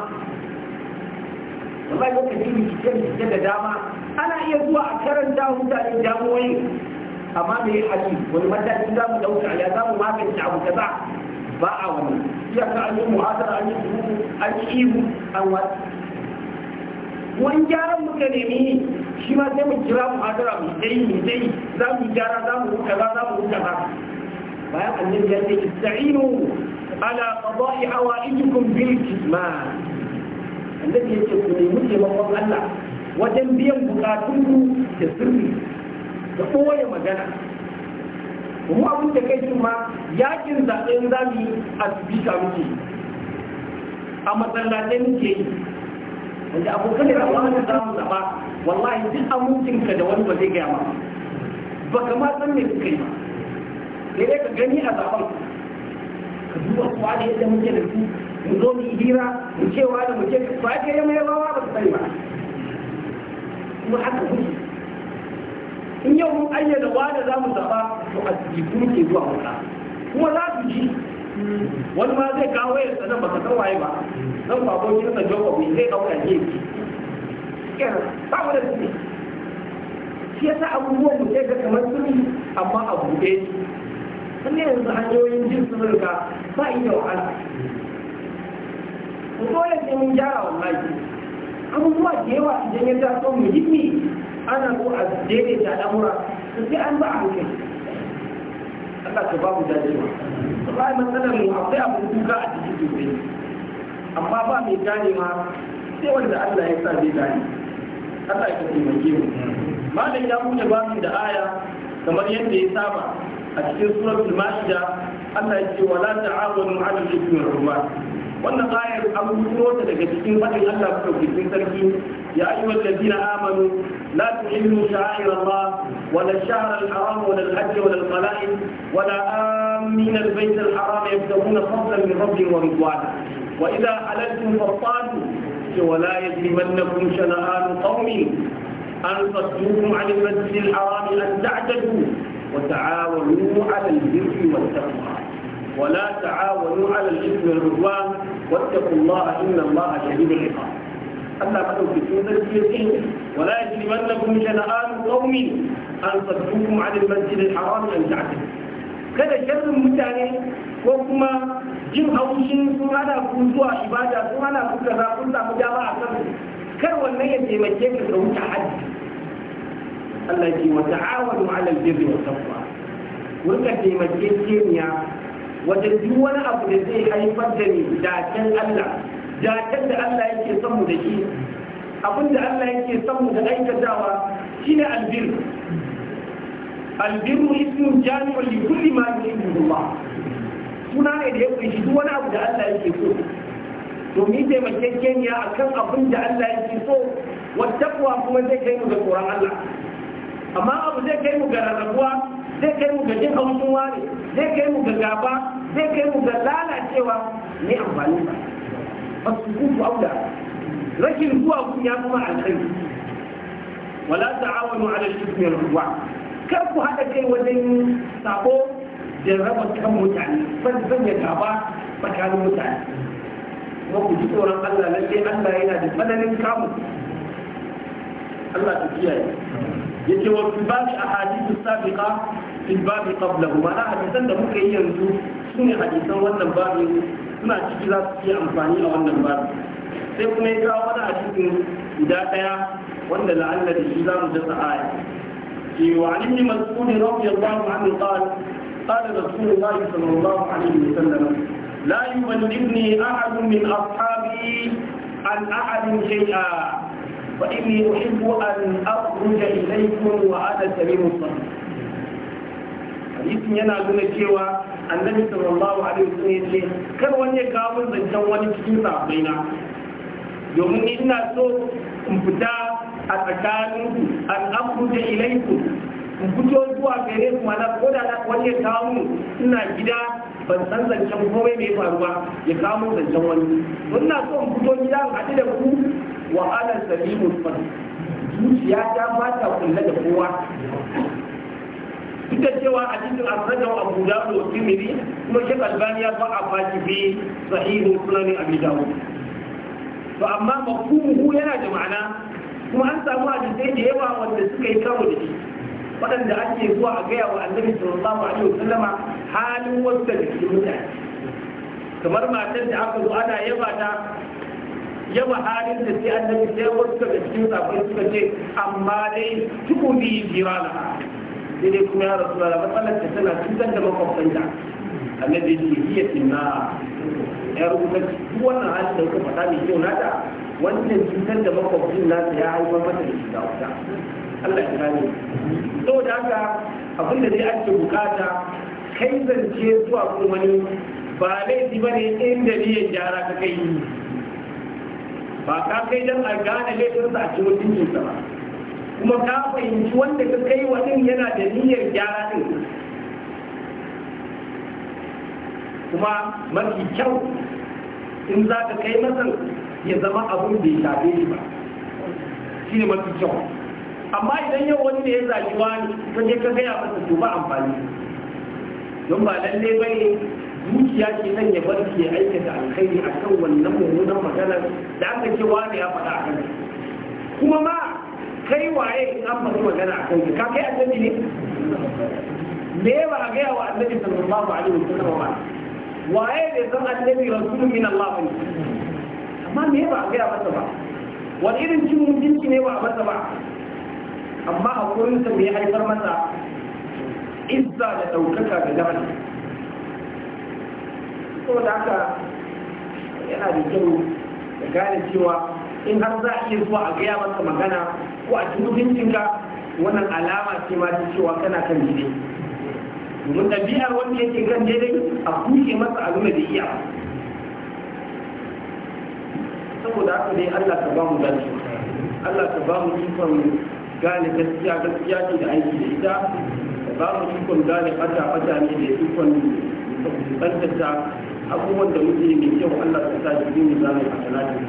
amma lokacin rikice-rikice da dama ana iya zuwa a karanta mutane damuwai. amma me haƙi wani mataki za mu ɗauka ya za mu magance abu kaza ba Ba a wani Ya ka an yi muhatar, an yi dubu an yi ihu an wasu wani gyaran muka nemi shi ma sai mu kira muhasara mu dai mu dai za mu gyara za mu kaza za mu kaza bayan annabi ya ce ista'inu ala qada'i hawaijikum bil kitman annabi ya ce ku nemi taimakon Allah wajen biyan ku da sirri da ɓoye magana Kuma abin da kai ma yakin zaɓen za mu yi a sibika muke a matsalatai muke yi wanda abokan da rawa da zamu mu zaɓa wallahi duk amincinka da wani ba zai gaya ma ba ka ma san me kai ba sai dai ka gani a zaɓen ka duba kuwa da yadda muke da su mu zo mu yi hira mu cewa da mu ce ba ake yi mai rawa ba su sani ba kuma haka kuke in yau mun ayyana wanda za mu zaɓa to a jiku muke zuwa wata. kuma za su ji wani ma zai kawo ya sanar ba ka san waye ba zan kwabo kin sa jawo mai zai ɗauka ne ba mu da su ne shi yasa abubuwan mu sai ga kamar sun amma abu ɗaya sun yanzu hanyoyin jin sun riga ba iya wahala ko ko sai mun gyara wallahi abubuwa da yawa idan ya taso muhimmi ana ko a daidaita al'amura sai an ba a hankali Allah ka ba mu dajewa ba a matsalar mu akwai abin kuka a cikin dubbe amma ba mai gane ma sai wanda Allah ya sa zai gane Allah ya taimake ma malam ya buɗe babu da aya kamar yadda ya saba أتكلم سورة المائدة Allah ya ce wala ta'awanu 'ala al-ithmi wal 'udwan wannan ayar an fito ta daga cikin fadin Allah ko cikin sarki ya ayyuhal ladina amanu la tuhillu sha'air Allah wala ash-shahr al-haram wala al-hajj wala al-qala'id wala amin al-bayt al-haram yabtaguna fadlan min rabbihim wa ridwana wa idha halaltum fartadu wala yajrimannakum shana'an qaumin an صدوكم عن المسجد الحرام أن تعتدوا وتعاونوا على البر والتقوى ولا تعاونوا على الاثم والعدوان واتقوا الله ان الله شديد العقاب الله مدعو في سورة اليقين ولا يجرمنكم شنآن قوم أن صدوكم عن المسجد الحرام أن تعتدوا kada sharrin mutane ko kuma jin haushin sun hana ku zuwa ibada sun hana ku kaza kun samu dama a kan kar wannan ya taimake ka ka wuce hajji Allah ce wa ta'awadu 'ala al wa taqwa mun ka taimake kemiya wajen duk wani abu da zai haifar da ni daken Allah daken da Allah yake son mu da shi abin da Allah yake son mu da aikatawa shine albir albir ismun jami'u li kulli ma yuhibbu Allah suna ne da ya kunshi duk wani abu da Allah yake so domin taimakekeniya akan abin da Allah yake so wa taqwa kuma zai kai mu da tsoron Allah amma abu zai kai mu ga rarrabuwa zai kai mu ga jin haushin ware zai kai mu ga gaba zai kai mu ga lalacewa ne amfani ba ba su kuku auda rashin zuwa kun ya kuma alkhairi wala ta'awanu ala al-ithmi wal kar ku hada kai wajen sabo da raba kan mutane ban sanya gaba tsakanin mutane kuma ku ji tsoron Allah lalle Allah yana da tsananin kamu Allah ta kiyaye yake wa fi babi ahadithu sabiqa fi babi qablahu mana hadisan da muka yi yanzu sune hadisan wannan babin suna ciki za su yi amfani a wannan babin sai kuma ya kawo wani hadisin guda daya wanda la'alla da shi za mu dasa aya وعن ابن مسعود رضي الله عنه قال قال رسول الله صلى الله عليه وسلم لا يبلغني احد من اصحابي عن احد شيئا فإني أحب أن أخرج إليكم وأنا سميع الصديق hadisin yana nuna cewa annabi sallallahu alaihi wasallam yace kar wani ya kawo min zancen wani cikin sahabbai na domin ina so in fita a tsakaninku an akhruja ilaiku. in fito zuwa gare ku mana ko da wani ya kawo mu ina gida ban san zancen komai mai faru ba ya kawo mu zancen wani ina so in fito gida in haɗu da ku wa ala salimul fad zuciya ta ba ta kulle da kowa duk da cewa a cikin asrajan abu da wa timiri kuma shi albaniya ba a faci bi sahihu sunanin abi dawud to amma mafhumuhu yana da ma'ana kuma an samu hadisai da yawa wanda suka yi kawo da shi waɗanda ake zuwa a gaya wa annabi sallallahu alaihi wasallama halin wasu da cikin mutane kamar matar da aka zo ana yaba ta yaba halin da sai annabi sai wasu da cikin sabai suka ce amma dai tukuni jirana sai dai kuma ya rasu da matsalar ta tana cutar da makwabtanta annabi ce iya tinna ya rubuta duk wannan halin da kuka faɗa mai kyau nata wannan cutar da makwabcin nasa ya haifar mata da shiga wuta Allah ya kare saboda haka abin da zai ake bukata kai zance zuwa kuma wani ba laifi ba ne inda niyan gyara ka kai yi ba ka kai don a gane laifinsa a cikin mutuncinsa ba kuma ka fahimci wanda ka kai wa yana da niyyar gyara ɗin kuma mafi kyau in za ka kai masa ya zama abun da ya shafe shi ba shi ne mafi kyau amma idan yau wani da ya zaki wani ka je ka gaya masa to ba amfani don ba lalle ne, zuciya ke nan ya bar ke aikata alkhairi kan wannan mummunan maganar da aka ce wani ya faɗa kan kuma ma kai waye in an faɗi magana akan ka kai annabi ne me ba a gaya wa annabi sallallahu alaihi wasallam ba waye da san annabi rasulun min Allah ne amma me ba a gaya masa ba wani irin cin mutunci ne ba a masa ba amma a haƙurinsa mai haifar masa izza da ɗaukaka da dama so da haka yana da kyau da gane cewa in har za a iya zuwa a gaya masa magana ko a tuntuncinka wannan alama ce ma ta cewa kana kan daidai domin ɗabi'ar wanda yake kan daidai a kushe masa a nuna da iya saboda haka dai Allah ta ba mu dace Allah ka ba mu ikon gane gaskiya gaskiya ce da aiki da ita da samun ikon gane fata fata ne da ikon tantata abubuwan da muke mai kyau Allah ta sa shi ne za mu yi hasalati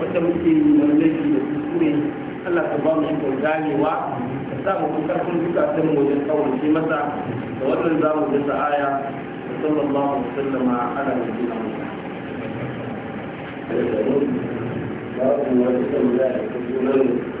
wanda muke yi na laifi da kuskure Allah ta ba mu ikon ganewa ta sa mu kuka sun duka san wajen kawace masa da wannan za mu dasa aya sallallahu alaihi wasallam ala nabiyina Muhammad. Babu wani tambaya da kuma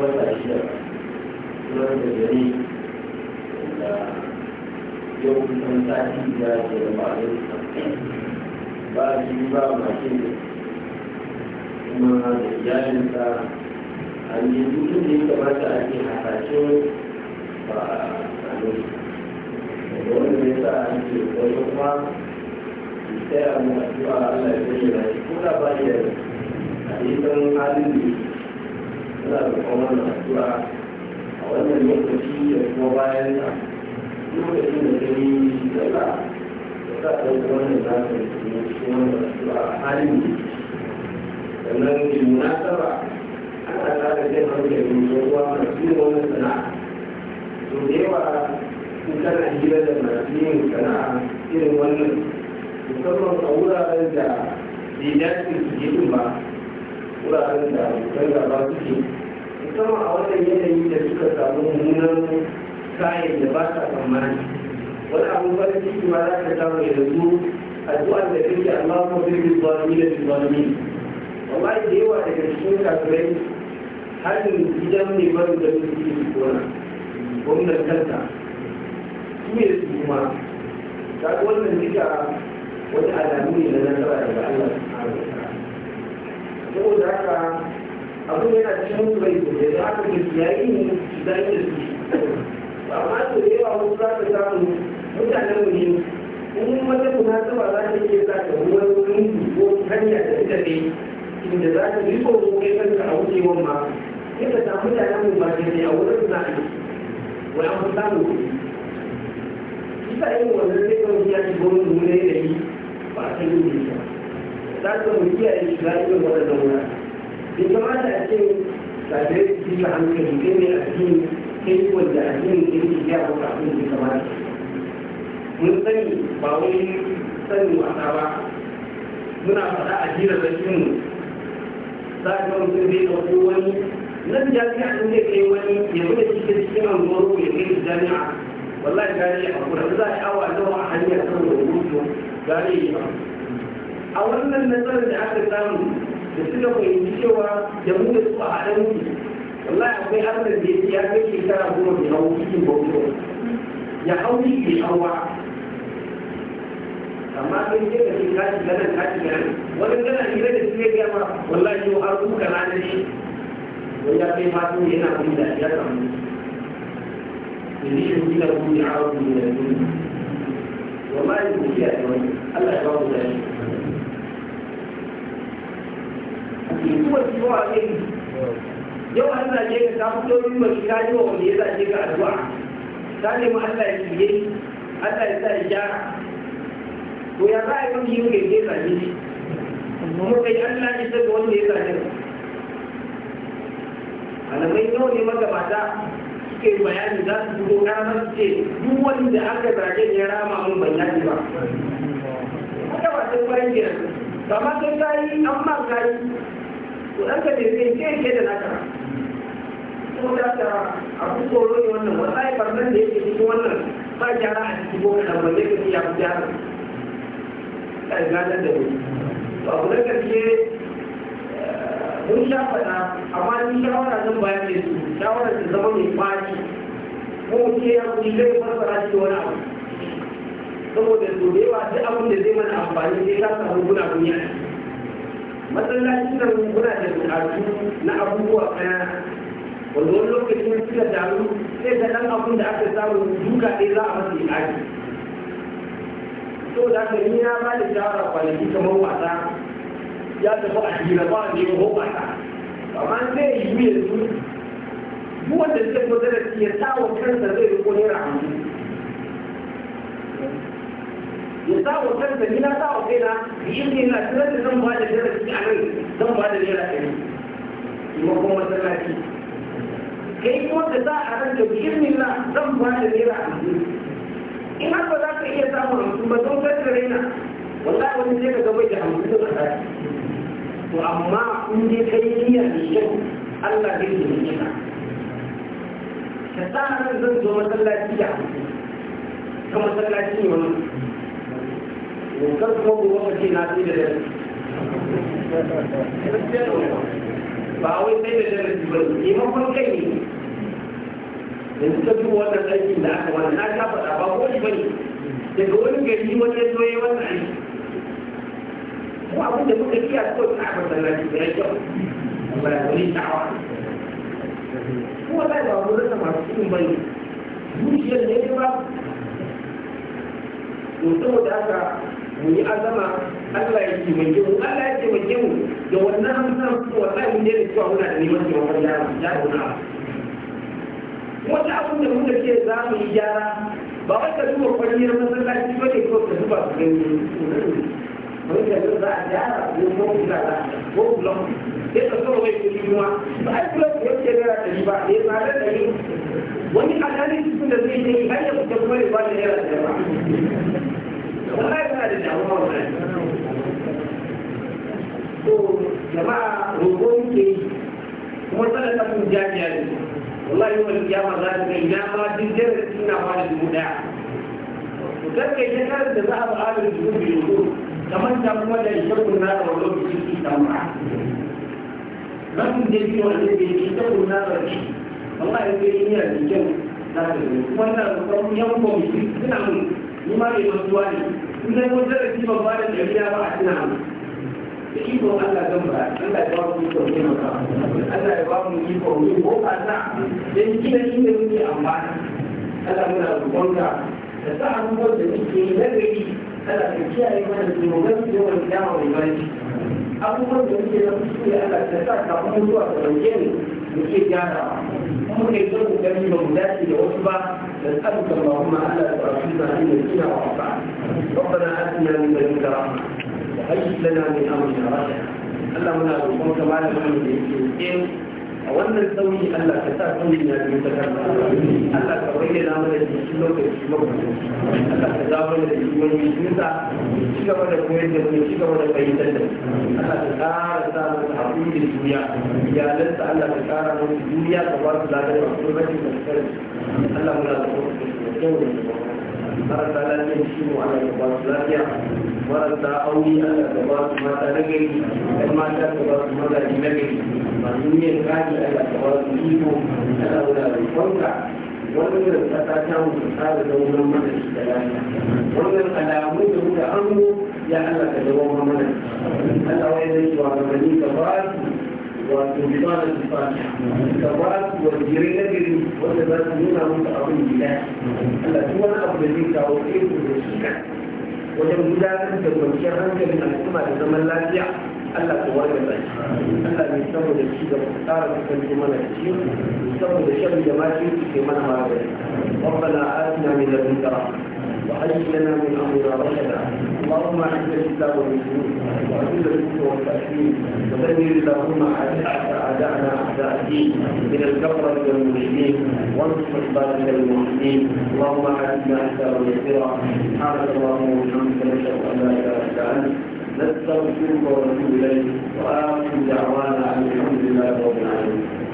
wata shida kuma da gari da yau kusan sati da ke da faru ba a shi ba a makin da kuma da iyalinsa a yi dukkan da ya kamata a ke hasashen ba a nuna da wanda ya sa an ke wajen kuma sai a mu addu'a Allah ya bayyana shi ko da ba ya a yi halin da suna da kwanan addu'a a wannan lokaci da kuma bayan sa lokacin da ta yi da sa ta yi wannan za ta yi cikin wannan addu'a a halin da sannan da munasaba ana tsara jin hankalin zuwa masu yin wannan sana'a to da yawa in kana hira da masu yin sana'a irin wannan musamman a wuraren da bai dace su yi ba wuraren da abokan gaba suke musamman a wannan yanayi da suka samu mummunan kayan da ba sa tsammani wani abu farin ciki ma za ka samu yanzu addu'ar da kake Allah ko bil zalimi da zalimi wallahi da yawa daga cikin kafirai harin gidan ne ba da suke kona gwamnan kanta su ne su kuma ta wannan duka wani alamu ne na nasara daga Allah subhanahu saboda haka abin yana cikin mutu bai da ya haka ke yayi ne da yake su amma to da yawa wasu za ka samu mutanen mu in wata munasaba za ta iya sa ka ruwan wani ko hanya da ita ne inda za ta yi tsoro kai kanka a wucewan ma sai ka samu mutanen mu ba ne a wurin za a yi wani an samu kuɗi. Isa yin wannan zai kawai ya shigo wani da yi ba a kan yi ba za ka mu kiyaye shiga irin waɗannan wurare bai kamata a ce tsadar su yi hankali ne mai addini kai wanda addini ke yi ya maka abin da kamata mun sani ba wani sani wasa ba muna faɗa a jirar rashin za a ga mutum zai ɗauko wani nan jami'a ɗin zai kai wani ya bude cikin cikin angoro ya kai jami'a wallahi gari a kura za a yi awa nawa a hanyar kan da gudu gari ya a wannan nasarar da aka samu da suka fahimci cewa da mu da su a haɗa mutu wallahi akwai harkar da yake ya kai shekara goma da hau cikin bauta ya hau shi bai hau ba amma sun je da shi kashi ganin kashi ganin wani gana ne da su ya gama wallahi yau har kuka na da shi wai ya kai fatu yana kuma da ya samu yanzu shi da kuma ya hau da ya wani wallahi ya yi wani Allah ya ba mu da dashi kuma kiwo a kai yau an zaje ka ta fito yi wa shi kaji wa wanda ya ka addu'a ta nemi Allah ya kiye Allah ya sa ya gyara to ya za a yi mafi yin gaske zaje shi kuma kai Allah ya sa wanda ya zaje ka malamai nawa ne magabata suke bayani za su fito karamar su ce duk wanda aka ne ya rama mun bayani ba magabatan farin kenan ba ma sai yi an ma kayi to ɗanka ne zai ke ke da naka kuma da ta abu tsoro ne wannan wallahi nan da yake cikin wannan ba gyara a cikin goma da wanda yake ya fi gyara ta yi ganar da ni to abu na ƙarshe eh, mun sha faɗa amma ni shawara zan bayar da su shawara su zama mai kwaci ko ke ya kuɗi zai farfara shi wani abu saboda su da yawa duk abin da zai mana amfani sai ka samu guna duniya masallacin da muna da bukatu na abubuwa ɗaya wanda wani lokacin suka taru sai da ɗan abun da aka samu duka ɗaya za a masa ilaji to da aka yi ya ba da shawara kwanaki kamar wasa ya tafi a jira ba a nemo wasa amma sai ya yi yanzu duk wanda zai gudanar ya sa wa kansa zai riko naira hamsin ya sa wa kansa ni na sa wa kaina yi ne na tunar da zan ba da darasi a nan zan ba da naira ɗari kuma kuma masallaci kai kuma da za a ranka bi irin na zan ba da naira hamsin in har ba za ka iya samun hamsin ba don kanka raina wallahi wani zai ka bai da hamsin da tsari to amma in dai kai niyya da kyau Allah zai yi kina ka sa ran zan zo masallaci da hamsin ka masallaci ne wannan dokar kuma gobe ka ce na sai da dare ba wai sai da dare ba neman kai ne yanzu ka duk wannan aikin da aka wani na ta faɗa ba ko ba ne daga wani gari wani ya zo wannan aiki kuma abin da muka kiya kawai ta aka sallaci da ya ba ya wani ta'awa kuma ba ya rasa masu cikin bai zuciyar ne ba to saboda haka mu yi azama Allah ya taimake mu Allah ya taimake mu da wannan hamsan su wallahi mun cewa muna da neman taimakon yaro ya nuna wata abin da muka ce za mu yi gyara ba wai ka duba kwalliyar masallaci ba ne ko ka duba su gani wani da a gyara ko ko za a ko ka mai kuli kuma ba a kula ku da ba da wani alhali cikin da zai yi har ya fita kuma ya ba da naira da ba wallahi tana da kuma ta ma a ba alin dubu biyu kamar ta kuma da a suna mun ni ma mai mantuwa ne in zai mun zara ci ban ba da ɗariya ba a tuna mu da iko Allah zan ba Allah ya ba mu iko ne maka Allah ya ba mu iko ne ko kaza dan kina inda muke amfana Allah muna roƙonka da sa abubuwan da muke nagari Allah ka kiyaye mana da da yawan kyawa mai abubuwan da muke na kuskure Allah ka sa kafin zuwa ka dauke ni mu ke kuma kai zo mu gani ba mu dace da wasu ba da tsarin da ba kuma Allah ka rasu da ni da kina wa ba ربنا آتنا من لدنك da وهيئ لنا من أمرنا رشدا Allah muna roƙon ka ba da wani da yake a wannan sauyi Allah ka sa sauyi na biyu ta kan Allah ka bayyana mana da shi lokaci lokaci Allah ka za mana da shi wani jinsa ci gaba da koyar da mu ci gaba da fahimtar da Allah ka ƙara sa mu da hakuri da duniya iyalansa Allah ka ƙara mu duniya ka ba su lafiya da kuma rashin da Allah mu na da kuma da kuma marasa lafiya ciwo ana da ba su lafiya marasa aure ana da ba su mata na gari ɗan mata da ba su mazaje na gari masu yin kari ana da su iko ana da rufanka wannan kasa ta mutu ta da wurin mana shi da lafiya wannan alamu da muka hango ya Allah ka zama mana Allah wai zai shi wa gabani ka su wato bi ba da su fa da ba su wa na gari wanda za su nuna musu abin da ya Allah duk wani abu da zai kawo ego da shi ka wajen gudanar da kwanciyar hankalin al'umma da zaman lafiya Allah ta warga ba shi Allah ne saboda shi da tsara su kan su mana shi saboda shan jama'a shi ke mana magani ربنا آتنا من لدنك رحمة وحج لنا من امرنا رشدا اللهم اعز الاسلام والمسلمين وأعز الكفر والتكفير ودمر اللهم اعداءنا اعداء الدين من الكفره والمسلمين وانصر عبادك المسلمين اللهم اعزنا احسن ويسرا سبحانك اللهم وبحمدك نشهد ان لا اله الا انت نستغفرك ونتوب اليك واخر دعوانا ان الحمد لله رب العالمين